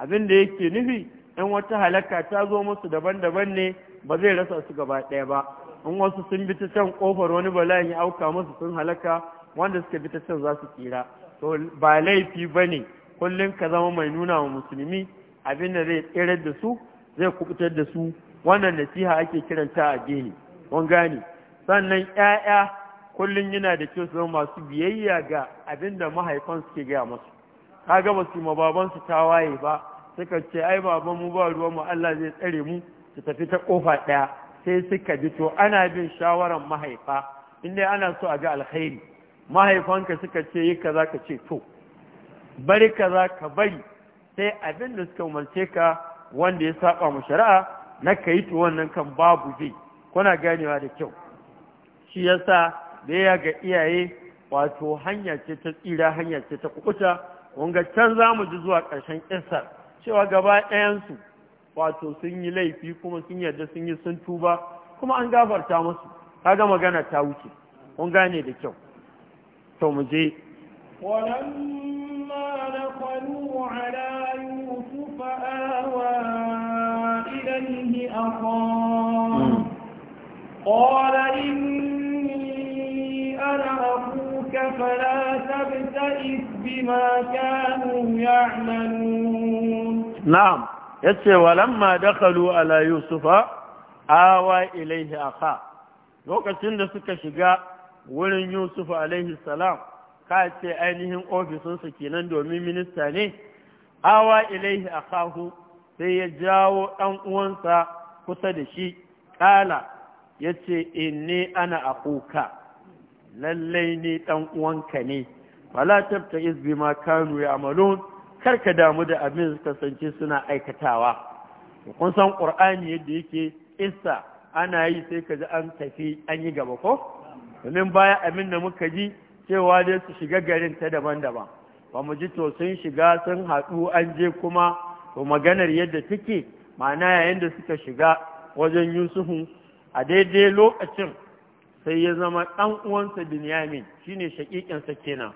abin da yake nufi in wata halaka ta zo masu daban-daban ne ba zai rasa su gaba ɗaya ba in wasu sun bi ta can kofar wani bala'in ya auka musu sun halaka wanda suka bi ta can za su tsira to ba laifi ba ne kullum ka zama mai nuna wa musulmi abin da zai tsirar da su zai kubutar da su wannan nasiha ake kiranta a gini mun gani sannan ƴaƴa kullum yana da kyau su zama masu biyayya ga abin da mahaifan suke gaya masu kaga ba su ma baban su tawaye ba suka ce ai baban mu ba ruwan mu Allah zai tsare mu su tafi ta kofa ɗaya sai suka ji to ana bin shawaran mahaifa inda ana so a ga alkhairi mahaifanka suka ce yi kaza ka ce to bari ka za ka bari sai abin da suka umarce ka wanda ya saba mu shari'a na kai to wannan kan babu zai kuna ganewa da kyau shi yasa da ya ga iyaye wato hanya ce ta tsira hanya ce ta kukuta wanga can za mu ji zuwa ƙarshen ƙisar cewa gaba ɗayansu wato sun yi laifi kuma sun yarda sun yi sun tuba kuma an gafarta musu ga magana ta wuce kun gane da kyau to mu je دخلوا على يوسف آوى إليه أخاه قال إني أنا أخوك فلا تبتئس بما كانوا يعملون نعم yace walamma dakhalu ala awa ilaihi lokacin da suka shiga wurin yusuf alaihi salam ka ce ainihin ofisinsu kenan domin minista ne awa ilaihi a akahu sai ya jawo ɗan uwansa kusa da shi ƙala ya ce inni ana akuka lallai ne ɗan uwanka ne wala tabta izbi ma kanu ya Kar ka damu da abin su kasance suna aikatawa kun san qur'ani yadda yake isa ana yi sai ka ji an tafi an yi gaba ko domin baya abin da muka ji cewa dai su shiga garin ta daban-daban ba mu ji to sun shiga sun haɗu an je kuma to maganar yadda take ma'ana yayin da suka shiga wajen yusufu a daidai lokacin sai ya zama ɗan uwansa binyamin shine shaƙiƙinsa kenan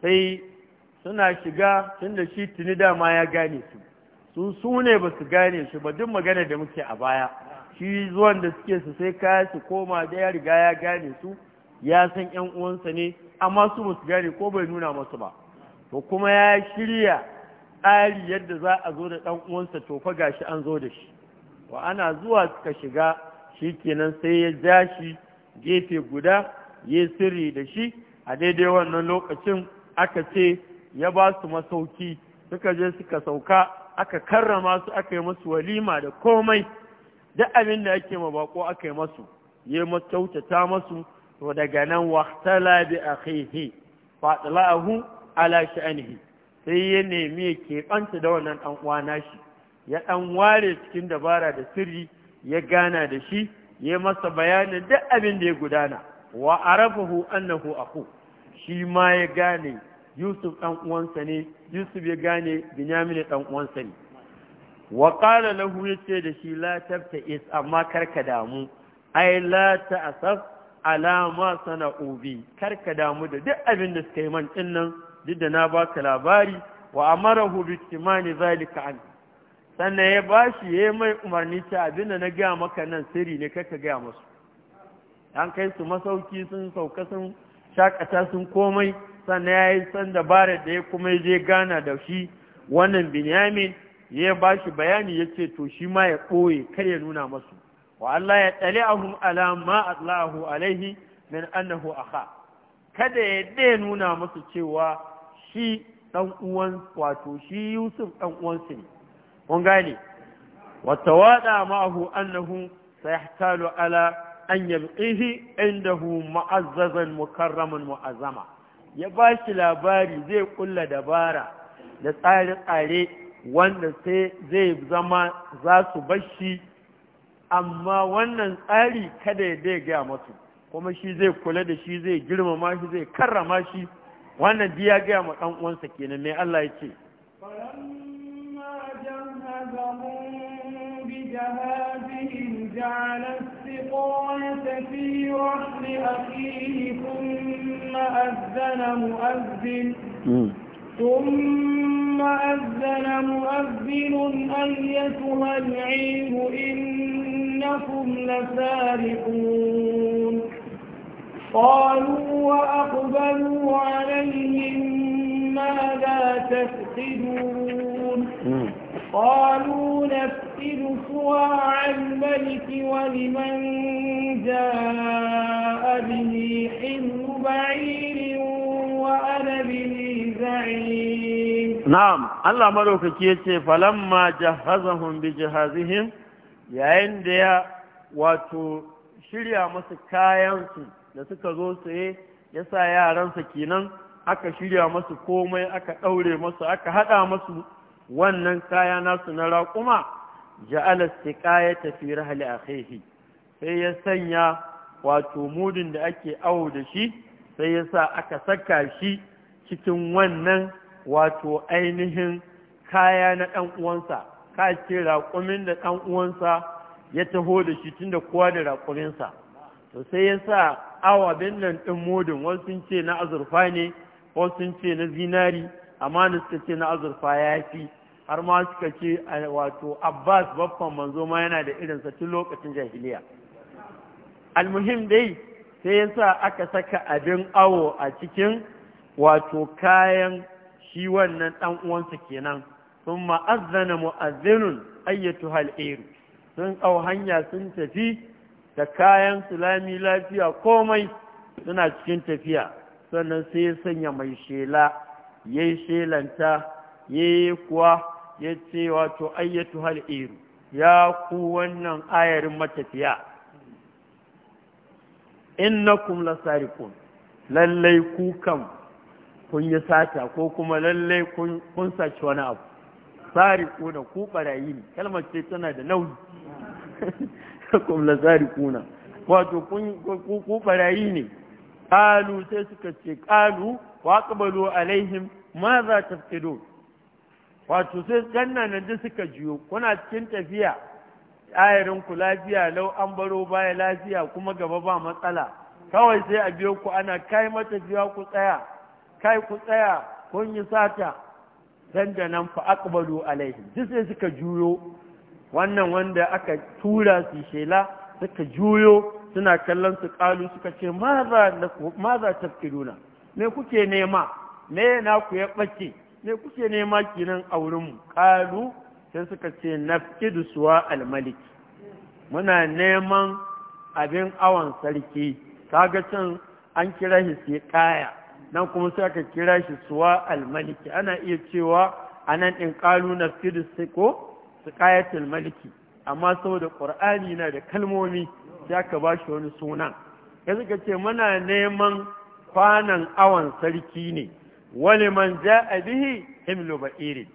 sai suna shiga tunda shi tuni dama ya gane su su su ne ba su gane shi ba duk magana da muke a baya shi zuwan da suke su sai kaya su koma da ya riga ya gane su ya san ‘yan uwansa ne amma su ba su gane ko bai nuna masu ba to kuma ya shirya tsari yadda za a zo da ɗan uwansa to fa shi an zo da shi wa ana zuwa suka shiga shi kenan sai ya ja shi gefe guda ya sirri da shi a daidai wannan lokacin aka ce ya ba su masauki suka je suka sauka aka karrama su aka yi masu walima da komai duk abin da ake ma bako aka yi masu ya kyautata masu to daga nan waktala bi akhihi fatla'ahu ala sha'nihi sai ya nemi ke banta da wannan ɗan uwa nashi ya ɗan ware cikin dabara da sirri ya gana da shi ya masa bayanin duk abin da ya gudana wa arafahu annahu aku shi ma ya gane Yusuf ɗan uwansa ne Yusuf ya gane Binyamin ɗan uwansa ne wa qala lahu yace da shi la tabta is amma karka damu ai la asaf alama sana ubi karka damu da duk abin da suka yi man din nan duk da na ba ka labari wa amarahu bi timani zalika an sannan ya bashi yayi mai umarni ta abin da na gaya maka nan sirri ne ka ga musu an kai su masauki sun sauka sun shakata sun komai sannan ya yi san dabarar da ya kuma je gana da shi wannan binyamin ya bashi bayani ya ce to shi ma ya ɓoye kar ya nuna masu wa Allah ya tsale ahum alama Allahu alaihi min annahu akha kada ya nuna musu cewa shi dan wato shi Yusuf ɗanuwansu ne kun gane wa tawada ma'ahu annahu sayahtalu ala an yalqihi indahu mu'azzazan mukarraman mu'azzama ya bashi labari zai kulla dabara da tsare-tsare wanda sai zai zama za su bashi amma wannan tsari kada ya dai gaya masu kuma shi zai kula da shi zai girmama shi zai karrama shi wannan diya gaya ma ɗan uwansa kenan mai Allah ya ce ثم أذن مؤذن أن أذن إن إنكم لسارقون قالوا وأقبلوا عليهم ماذا تفقدون قالوا نفقد سواع الملك ولمن جاء به حمل بعير وأنا به زعيم نعم الله ملوك كيتي فلما جهزهم بجهازهم yayin da ya wato shirya masu kayansu da suka zo tsaye ya sa yaransa kenan aka shirya masu komai aka ɗaure masu aka haɗa masu wannan kaya nasu na raƙuma ja'ala siqaya tafi a akhihi sai ya sanya wato mudin da ake awo da shi sai ya sa aka saka shi cikin wannan wato ainihin kaya na ɗan uwansa ka ce raƙumin da ɗan uwansa ya taho da shi tunda kowa da raƙuminsa to sai ya sa awabin nan ɗin mudun wasu sun ce na azurfa ne wasu sun ce na zinari amma na suka ce na azurfa ya fi har ma suka ce wato abbas babban manzo ma yana da irinsa tun lokacin jahiliya almuhim dai sai ya sa aka saka abin awo a cikin wato kayan shi wannan ɗan uwansa kenan sun ma'azana mu'azzinun ayyatu hal'iru sun ɗau hanya sun tafi da kayan sulami lafiya komai suna cikin tafiya sannan sai ya sanya mai shela ya yi shelanta ya yi kuwa ya ce wato ayyatu hal'iru ya ku wannan ayarin matafiya innakum lasarikun lallai ku kam kun yi sata ko kuma lallai kun saci wani abu kuna ku barayi ne kalmar ce tana da nauyi kum kuna wato ku ku barayi ne qalu sai suka ce qalu wa aqbalu alaihim ma za tafkidu wato sai nan da suka jiyo kuna cikin tafiya ayarin ku lafiya lau an baro baya lafiya kuma gaba ba matsala kawai sai a biyo ku ana kai matafiya ku tsaya kai ku tsaya kun yi sata dan nan fa aqbalu alaihi duk sai suka juyo wannan wanda aka tura su shela suka juyo suna kallon su kalu suka ce maza maza tafkiruna me kuke nema me na ku ya bace me kuke nema kinan a mu kalu sai suka ce nafkidu suwa almalik muna neman abin awon sarki kaga can an kira shi kaya nan kuma sai aka kira shi suwa almaliki ana iya cewa anan nan ɗin ƙalu na ko su ƙayatul maliki amma saboda ƙur'ani na da kalmomi sai aka ba shi wani sunan ya suka ce muna neman kwanan awon sarki ne wani man ja a bihi himlu ba'iri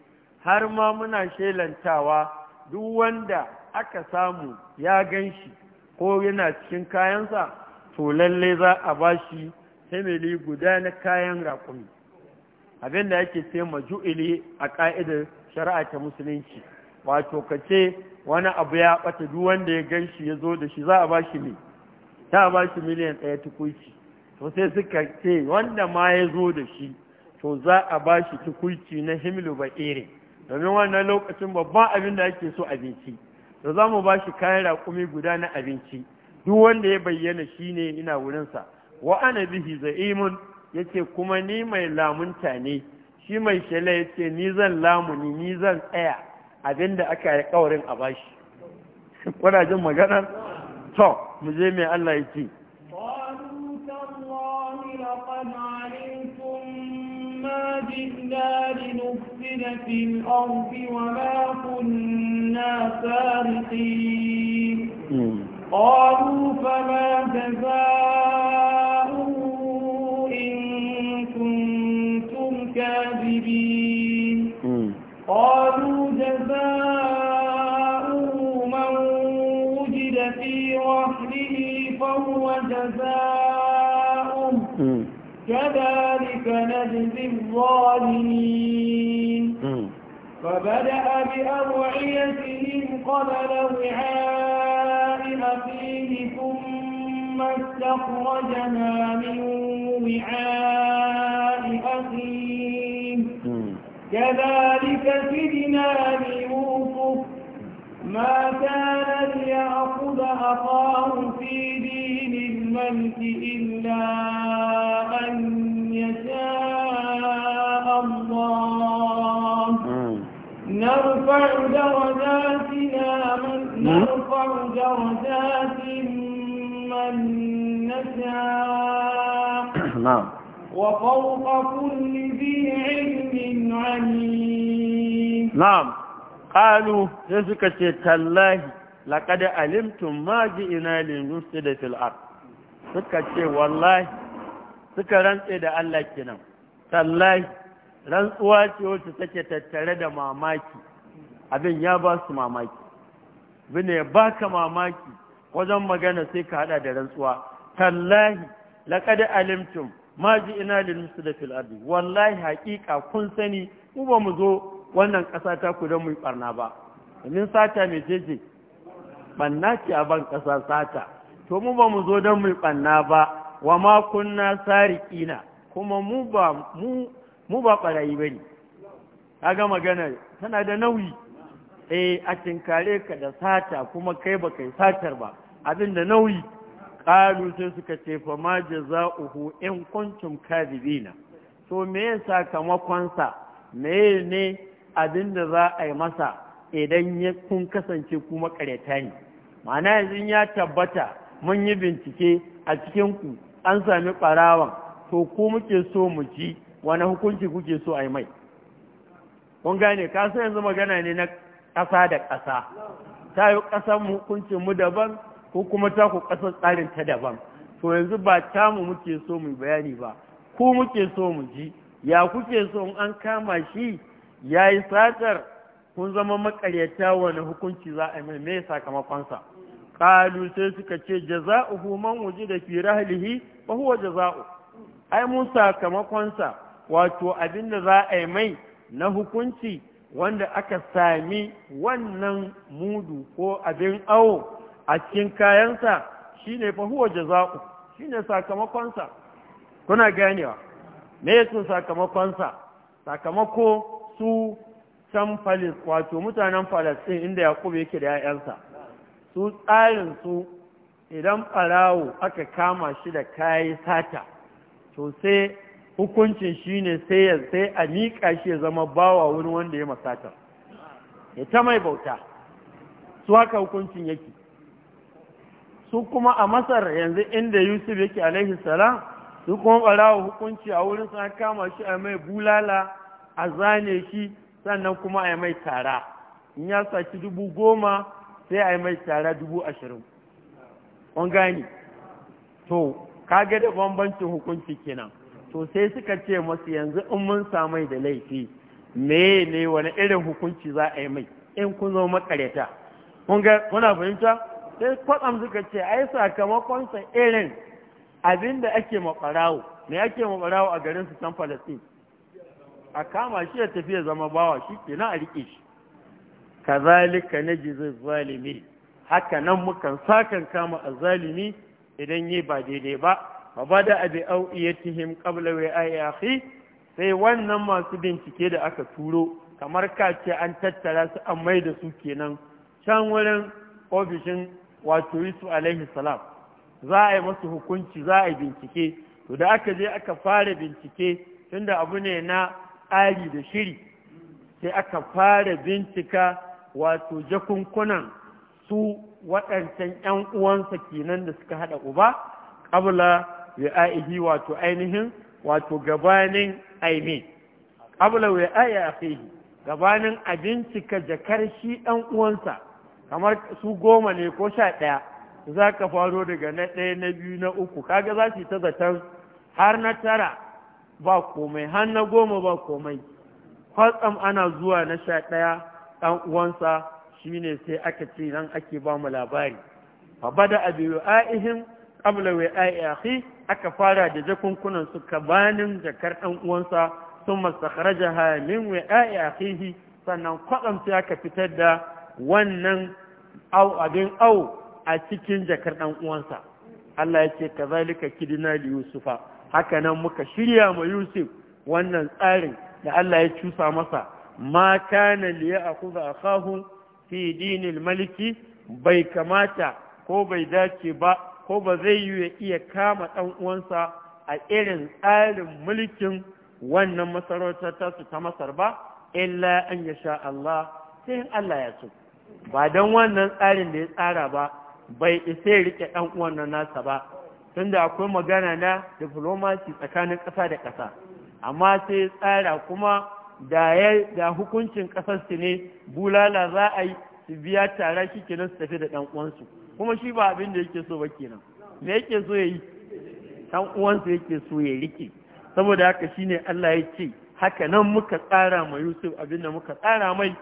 har ma muna shelantawa duk wanda aka samu ya gan shi ko yana cikin kayansa to lalle za a ba shi himili guda na kayan raƙumi abinda yake ce maju'ili a ƙa'idar shari'a ta musulunci wato ka ce wani abu ya ɓata duk wanda ya gan shi ya zo da shi za a ba shi ne ta ba shi miliyan ɗaya tukuici to sai suka ce wanda ma ya zo da shi to za a ba shi tukuici na himlu ba ere domin wannan lokacin babban abin da ake so abinci to za mu ba shi kayan raƙumi guda na abinci duk wanda ya bayyana shi ne ina wurinsa wa ana bihi za'imun yace kuma ni mai lamunta ne shi mai shela yace ni zan lamu ni ni zan tsaya abinda aka yi kaurin a bashi kuna jin magana to mu je mai Allah yake جئنا قالوا فما قالوا جزاء من وجد في رحله فهو جزاء كذلك نجزي الظالمين فبدأ بأوعيتهم قبل وعاء أخيه ثم استخرجنا من وعاء أخيه كذلك سدنا ليوسف ما كان ليأخذ أخاه في دين الملك إلا أن يشاء الله نرفع درجاتنا من نرفع درجات من نشاء نعم وفوق كل ذي علم عليم نعم قالوا يسكة تالله لقد علمتم ما جئنا لنفسد في الأرض suka ce wallahi suka rantse da Allah kinan tallahi rantsuwa ce wacce take tattare da mamaki abin ya ba su mamaki bine ya baka mamaki wajen magana sai ka haɗa da rantsuwa tallahi laqad alimtum ma ji ina lil da fil ardi wallahi haƙiƙa kun sani mu ba mu zo wannan ƙasa ta ku don mu yi barna ba domin sata mai jeje banna ce a ban ƙasa sata to mu ba mu zo don mu yi barna ba wa ma kunna sariqina kuma mu ba mu mu ba barayi bane kaga magana tana da nauyi eh a tinkare ka da sata kuma kai ba kai satar ba abin da nauyi kalu sai suka ce fa ma jaza'uhu in kuntum kadibina to me ya sakamakonsa me ne abin da za a yi masa idan ya kun kasance kuma kareta ne ma'ana yanzu ya tabbata mun yi bincike a cikin ku an sami ɓarawon, to ku muke so mu ji wani hukunci kuke so a yi mai kun gane ka san yanzu magana ne na ƙasa da ƙasa ta yi ƙasan hukuncin mu daban ko kuma ta ku ƙasar tsarin ta daban to yanzu ba ta mu muke so mu bayani ba ku muke so mu ji ya kuke so in an kama shi ya yi satar kun zama makaryata wani hukunci za a yi mai sakamakonsa kalu sai suka ce jaza'uhu man wujida da fi rahlihi fa huwa jaza'u ai mun sakamakonsa wato abin da za a yi mai na hukunci wanda aka sami wannan mudu ko abin awo a cikin kayansa shine fa huwa jaza'u ne sakamakonsa kuna ganewa me yake sakamakonsa sakamako su can falis wato mutanen falastin inda yakubu yake da 'ya'yansa su tsarin su idan farawo aka kama shi da kayi sata to sai hukuncin ne sai ya sai a miƙa shi ya zama bawa wani wanda ya masata ya ta mai bauta su haka hukuncin yake su kuma a masar yanzu inda yusuf yake alaihi salam su kuma barawa hukunci a wurin sa kama shi a mai bulala a zane shi sannan kuma a mai tara in ya saki dubu goma sai a mai tara dubu ashirin on gani to kage da bambancin hukunci kenan to sai suka ce masu yanzu in mun samai da laifi me ne wani irin hukunci za a yi mai in kun zo makareta kuna fahimta sai kwatsam suka ce ai sakamakonsa irin abinda da ake maɓarawo me ake maɓarawo a garin su can falastin a kama shi ya tafiya zama bawa shi ke na a riƙe shi zalika na jizai zalimi haka nan mukan sakan kama a zalimi idan yi ba daidai ba ba ba da abi au'iyatihim qabla wa ayahi sai wannan masu bincike da aka turo kamar ka ce an tattara su an mai da su kenan can wurin ofishin wato Yusuf alaihi salam za a yi masu hukunci za a yi bincike to da aka je aka fara bincike tunda abu ne na tsari da shiri sai aka fara bincika wato jakunkunan su waɗancan ‘yan uwansa kenan da suka haɗa uba ƙabla aihi wato ainihin wato gabanin aime ƙabla wa'ai a gabanin a bincika jakar shi ɗan uwansa kamar su goma ne ko sha ɗaya za ka faro daga na ɗaya na biyu na uku kaga za su ta zaton har na tara ba komai har na goma ba komai kwatsam ana zuwa na sha ɗaya ɗan uwansa shi ne sai aka ce nan ake ba mu labari fa bada abi wa'ihim qabla wa'i akhi aka fara da jakunkunan su kabanin jakar ɗan uwansa thumma sakharajaha min wa'i akhihi sannan kwatsam sai aka fitar da wannan au abin au a cikin jakar ɗan uwansa Allah ya ce kazalika kidina li yusufa haka nan muka shirya ma yusuf wannan tsarin da Allah ya cusa masa ma kana li ya'khudha akahu fi dinil maliki bai kamata ko bai dace ba ko ba zai yi ya iya kama ɗan uwansa a irin tsarin mulkin wannan masarautar su ta Masar ba illa an yasha Allah sai Allah ya so ba don wannan tsarin da ya tsara ba bai isa rike ɗan uwan nasa ba tunda akwai magana na diflomasi tsakanin ƙasa da ƙasa amma sai tsara kuma da hukuncin ƙasar su ne bulala za a yi su biya tara shi kenan su tafi da ɗan uwansu kuma shi ba abin da yake so ba kenan me yake so ya yi ɗan uwansa yake so ya rike saboda haka shine Allah ya ce haka nan muka tsara ma Yusuf abin da muka tsara mai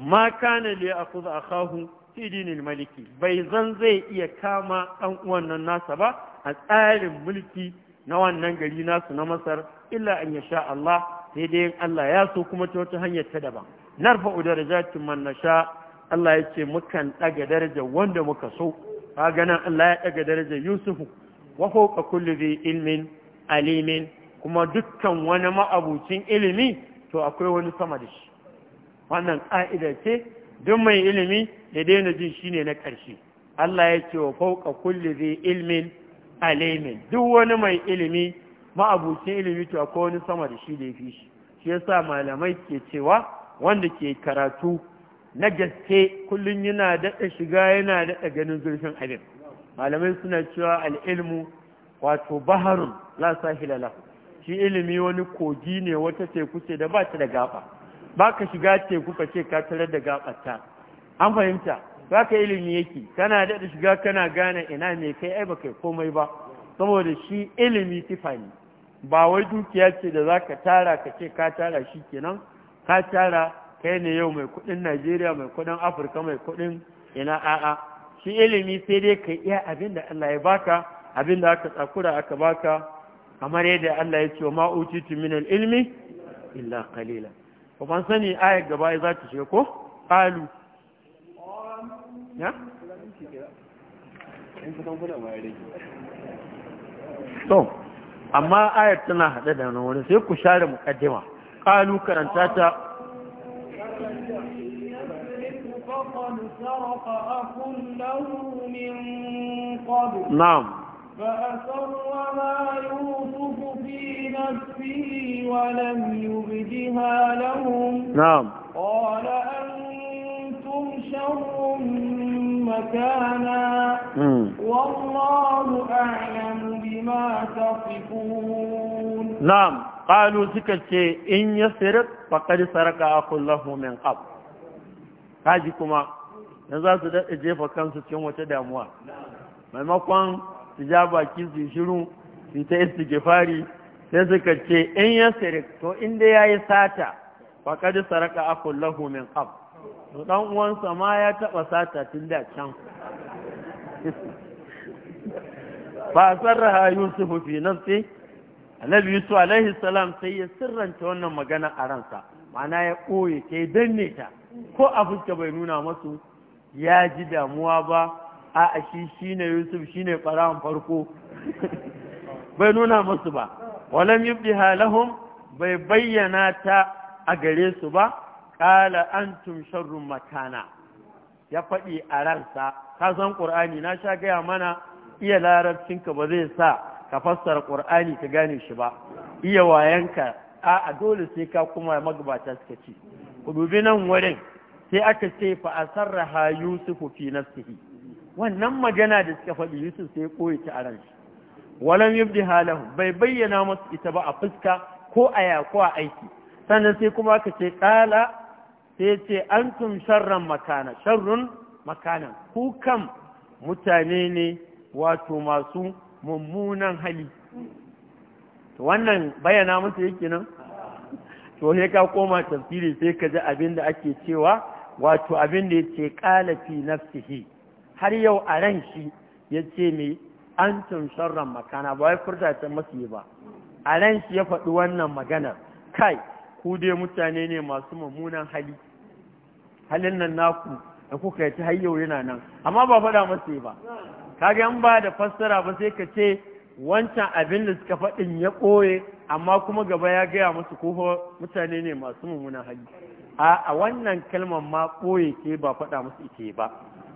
ma kana li akhudha akahu fi maliki bai zan zai iya kama ɗan uwan nasa ba a tsarin mulki na wannan gari nasu na Masar illa an sha Allah sai dai Allah ya so kuma ta wata hanyar ta daban narfa'u darajatin man sha, Allah ya ce mukan ɗaga daraja wanda muka so kaga nan Allah ya ɗaga daraja Yusufu wa fawqa kulli dhi ilmin alimin kuma dukkan wani ma'abucin ilimi to akwai wani sama da shi wannan ƙa'idar ce duk mai ilimi da daina jin shi ne na ƙarshe Allah ya ce wa fauka kulli zai ilmin alaimin duk wani mai ilimi ma'abucin ilimi to akwai wani sama da shi da ya fi shi shi yasa malamai ke cewa wanda ke karatu na gaske kullum yana daɗa shiga yana daɗa ganin zurfin abin malamai suna cewa al'ilmu wato baharun la sahila lahu shi ilimi wani kogi ne wata teku ce da ba ta da gaba ba ka shiga teku ka ce ka tarar da gabata an fahimta za ka ilimi yake kana da shiga kana gane ina mai kai ai ba kai komai ba saboda shi ilimi tifani ba wai dukiya ce da zaka tara ka ce ka tara shi kenan ka tara kai ne yau mai kudin najeriya mai kudin afirka mai kudin ina a'a shi ilimi sai dai ka iya abin da allah ya baka abin da aka tsakura aka baka kamar yadda allah ya ce wa utitu min ilmi illa qalila ba sani ayar gaba za ta shiga ko ƙalu ya? so amma ayar tana haɗe da wani wani sai ku share muƙaddima ƙalu karanta ta Naam. فأسرها يوسف في نفسه ولم يبدها لهم نعم قال أنتم شر مكانا والله أعلم بما تصفون نعم قالوا سكت إن يسرق فقد سرق أخو له من قبل هذه كما yanzu za su daɗe jefa kansu cikin wata damuwa maimakon su ja baki su shiru su ta istighfari sai suka ce in ya sirik to inda ya yi sata faƙad saraka akun lahu min qab to dan uwansa ma ya taɓa sata tun da can fa sarraha yusufu fi nafsi annabi yusuf alaihi salam sai ya sirranta wannan magana a ransa ma'ana ya ɓoye ta danne ta ko a fuska bai nuna masu ya ji damuwa ba a shi shine yusuf shine ɓarawan farko bai nuna musu ba walam yubdiha lahum bai bayyana ta a gare su ba an antum sharrun makana ya faɗi a ransa ka san ƙur'ani na sha gaya mana iya larabcinka ba zai sa ka fassara ƙur'ani ka gane shi ba iya wayanka a dole sai ka kuma magabata suka ce ku nan wurin sai aka ce fa Rahayu yusufu fi nafsihi wannan magana da suka faɗi Yusuf sai ya koyi ta a ranshi walam yubdi halahu bai bayyana musu ita ba a fuska ko a yako a aiki sannan sai kuma aka ce ƙala sai ce antum sharran makana sharrun makana ku kam mutane ne wato masu mummunan hali To wannan bayyana musu yake nan to sai ka koma tafsiri sai ka ji abin da ake cewa wato abin da ya ce ƙala fi nafsihi har yau a ran shi ya ce me an cin makana ba wai ta masu ba a ran shi ya faɗi wannan maganar kai ku dai mutane ne masu mummunan hali halin nan naku da kuka yi ta hayyau yana nan amma ba faɗa masu ba kaga an ba da fassara ba sai ka ce wancan abin da suka faɗin ya ɓoye amma kuma gaba ya gaya musu ko mutane ne masu mummunan hali a wannan kalmar ma ɓoye ke ba faɗa musu ita ba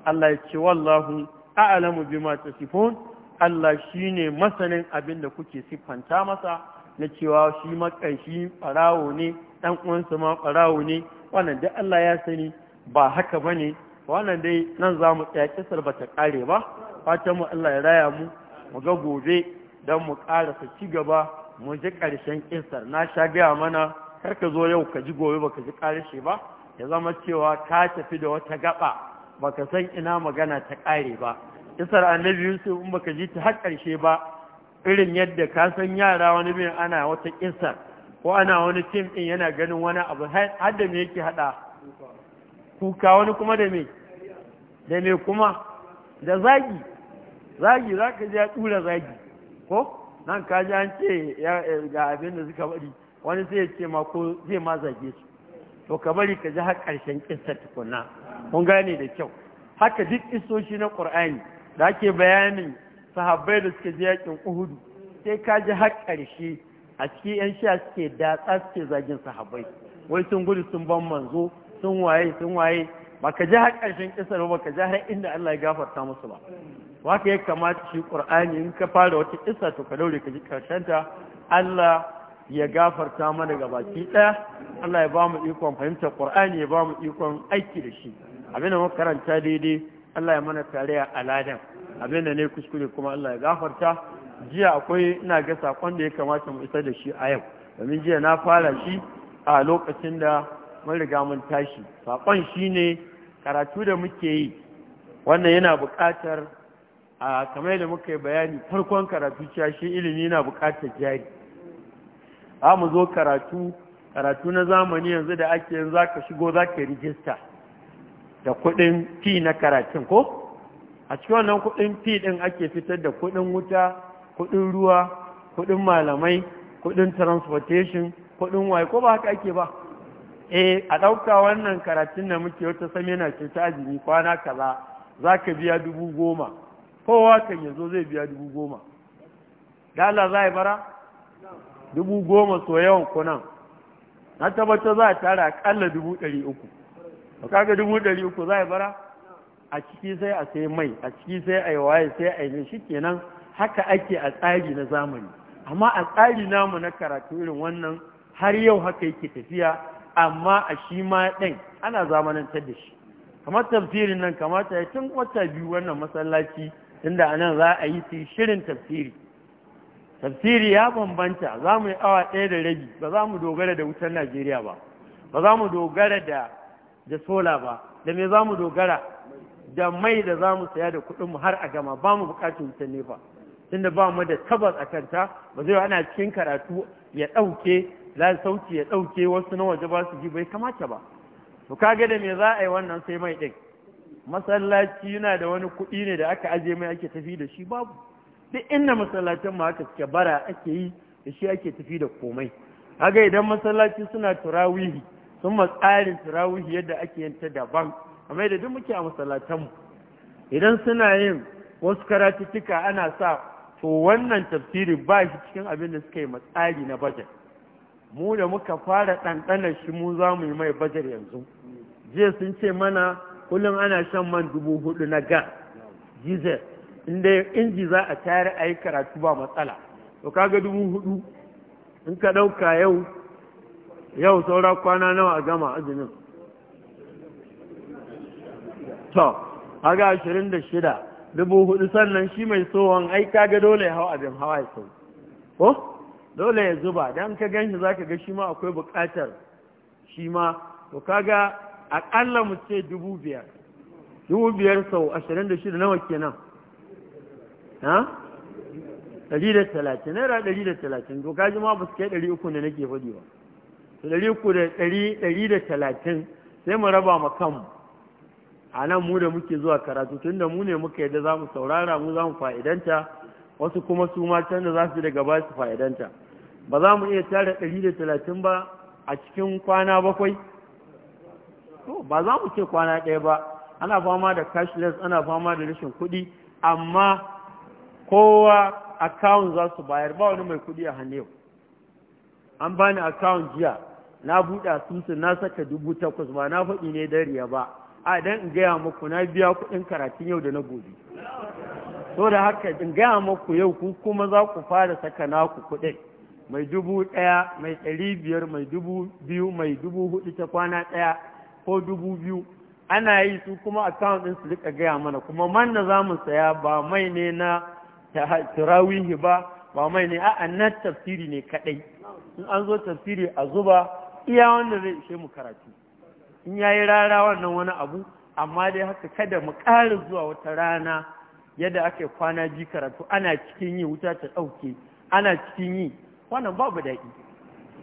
Allah ya ce wallahu a'lamu bima tasifun Allah shine masanin abin da kuke siffanta masa na cewa shi makanshi farawo ne dan uwansa ma farawo ne wannan dai Allah ya sani ba haka bane wannan dai nan za mu tsaya kisar ba ta kare ba fatan mu Allah ya raya mu mu ga gobe dan mu karasa ci gaba mu ji karshen kisar na sha gaya mana kar ka zo yau ka ji gobe baka ji karshe ba ya zama cewa ka tafi da wata gaba baka san ina magana ta ƙare ba isar annabi yusuf in baka ji ta har ƙarshe ba irin yadda ka san yara wani bin ana wata kisar ko ana wani tim din yana ganin wani abu har da me yake hada kuka wani kuma da me da me kuma da zagi zagi za ka ji ya tura zagi ko nan ka ji an ce ga abin da suka bari wani sai ya ce ma ko zai ma zage su to ka bari ka ji har ƙarshen kisar tukuna kun gane da kyau haka duk isoshi na ƙur'ani da ake bayanin sahabbai da suke ji yakin uhudu sai ka ji har ƙarshe a cikin yan sha suke datsa suke zagin sahabbai wai sun gudu sun ban manzo sun waye sun waye baka ji har ƙarshen kisa ba ka ji har inda Allah ya gafarta musu ba waka ya kamata shi ƙur'ani in ka fara wata kisa to ka daure ka ji ta Allah ya gafarta mana gabaki ɗaya Allah ya ba mu ikon fahimtar ƙur'ani ya ba mu ikon aiki da shi abinda da karanta daidai Allah ya mana tarayya a ladan abinda ne kuskure kuma Allah ya gafarta jiya akwai ina ga sakon da ya kamata mu isa da shi a yau domin jiya na fara shi a lokacin da mun riga mun tashi sakon shine karatu da muke yi wannan yana buƙatar a kamar da muka yi bayani farkon karatu cewa shi ilimi yana buƙatar jari za mu zo karatu karatu na zamani yanzu da ake yanzu za ka shigo za ka rijista da kuɗin fi na karatun ko a cikin wannan kuɗin fi ɗin ake fitar da kuɗin wuta kuɗin ruwa kuɗin malamai kuɗin transportation kuɗin waye ko ba haka ake ba eh a ɗauka wannan karatun da muke wata samina ce ta azumi kwana kaza za biya dubu goma kowa kan ya zai biya dubu goma da Allah za a yi bara dubu goma so yawan kunan na tabbata za a tara akalla dubu ɗari uku to kaga dubu ɗari uku za a bara a ciki sai a sai mai a ciki sai a yi waye sai a yi shi kenan haka ake a tsari na zamani amma a tsari namu na karatu irin wannan har yau haka yake tafiya amma a shi ma ɗin ana zamanantar da shi kamar tafsirin nan kamata ya tun wata biyu wannan masallaci inda a nan za a yi su shirin tafsiri tafsiri ya bambanta za mu yi awa ɗaya da rabi ba za mu dogara da wutar najeriya ba ba za mu dogara da da sola ba da me za mu dogara da mai da za mu saya da mu har a gama ba mu ta ne nefa tunda ba mu da tabbas a kanta ba zai ana cikin karatu ya ɗauke la sauti ya ɗauke wasu na waje ba su ji bai kamata ba to kage da me za a yi wannan sai mai ɗin masallaci yana da wani kuɗi ne da aka aje mai ake tafi da shi babu duk inda masallacin ma aka suke bara ake yi da shi ake tafi da komai kage idan masallaci suna turawihi sun tsarin turawihi yadda ake yin ta daban amma da duk muke a masallatanmu idan suna yin wasu karatuttuka ana sa to wannan tafsiri ba shi cikin abin da suka yi matsari na bajet mu da muka fara ɗanɗanar shi mu za mu yi mai bajet yanzu jiya sun ce mana kullum ana shan man dubu hudu na ga in inda inji za a tayar a yi karatu ba matsala to kaga dubu hudu in ka ɗauka yau yau saura kwana nawa a gama azumin to ga ashirin da shida dubu hudu sannan shi mai tsohon aika ga dole ya hau abin hawa ya sau ko dole ya zuba don ka gan shi za ka ga shi ma akwai bukatar shi ma to kaga akalla mu ce dubu biyar dubu biyar sau ashirin da shida nawa kenan ha ɗari da talatin naira ɗari da talatin to kaji ma ba su kai ɗari uku da nake faɗi ba ɗari da sai mu raba mu kanmu a nan mu da muke zuwa karatu tun da mu ne muka yadda za mu saurara mu za mu fa'idanta wasu kuma su ma can da za su daga ba su fa'idanta ba za mu iya tara ɗari da talatin ba a cikin kwana bakwai to ba za mu ce kwana ɗaya ba ana fama da cashless ana fama da rashin kuɗi amma kowa akawun za su bayar ba wani mai kuɗi a hannu an bani akawun jiya na buɗe asusun na saka dubu takwas ba na faɗi ne don riya ba a dan in gaya muku na biya kuɗin karatun yau da na gobe so da haka in gaya muku yau ku kuma za ku fara saka naku kuɗin mai dubu ɗaya mai ɗari biyar mai dubu biyu mai dubu hudu ta kwana ɗaya ko dubu biyu ana yi su kuma akawun ɗin su rika gaya mana kuma man da za mu saya ba mai ne na turawihi ba ba mai ne a'a na tafsiri ne kaɗai in an zo tafsiri a zuba iya wanda zai ishe mu karatu in ya yi rara wannan wani abu amma dai haka kada mu ƙara zuwa wata rana yadda aka kwana ji karatu ana cikin yi wuta ta ɗauke ana cikin yi wannan babu daɗi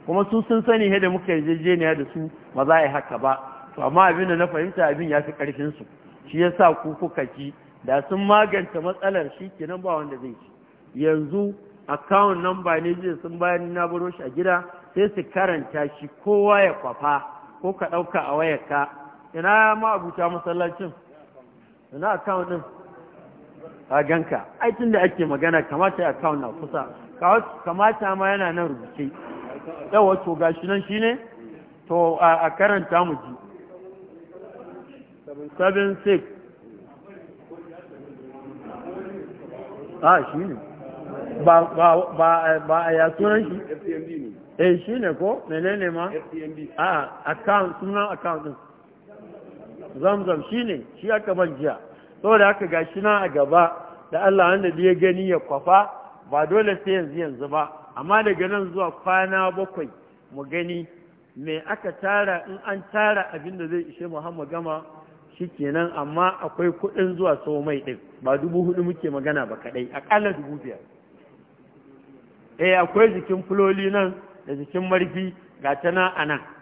kuma su sun sani yadda muka yarjejeniya da su ba za a yi haka ba to amma abin da na fahimta abin ya fi ƙarfin su shi sa ku kuka ji da sun magance matsalar shi kenan ba wanda zai ci yanzu account number ne jiya sun bayar na baro shi a gida sai su karanta shi kowa ya kwafa ko ka ɗauka a wayarka ina ma abuta masallacin ina account ɗin a ganka ai tun da ake magana kamata account na kusa kamata ma yana nan rubuce yawa to gashi nan shi ne? to a karanta mu ji 76 a ah, shine ba a ya sunan shi eh shi ne ko menene ma a account sunan account din zamzam shi ne shi aka ban jiya saboda haka shi na a gaba da Allah wanda ya gani ya kwafa ba dole sai yanzu yanzu ba amma daga nan zuwa kwana bakwai mu gani me aka tara in an tara abin da zai ishe Muhammad gama shi shikenan amma akwai kuɗin zuwa sau mai ɗin ba dubu hudu muke magana ba kaɗai akalla dubu biyar eh akwai jikin fuloli nan da jikin marfi ga ta nan a nan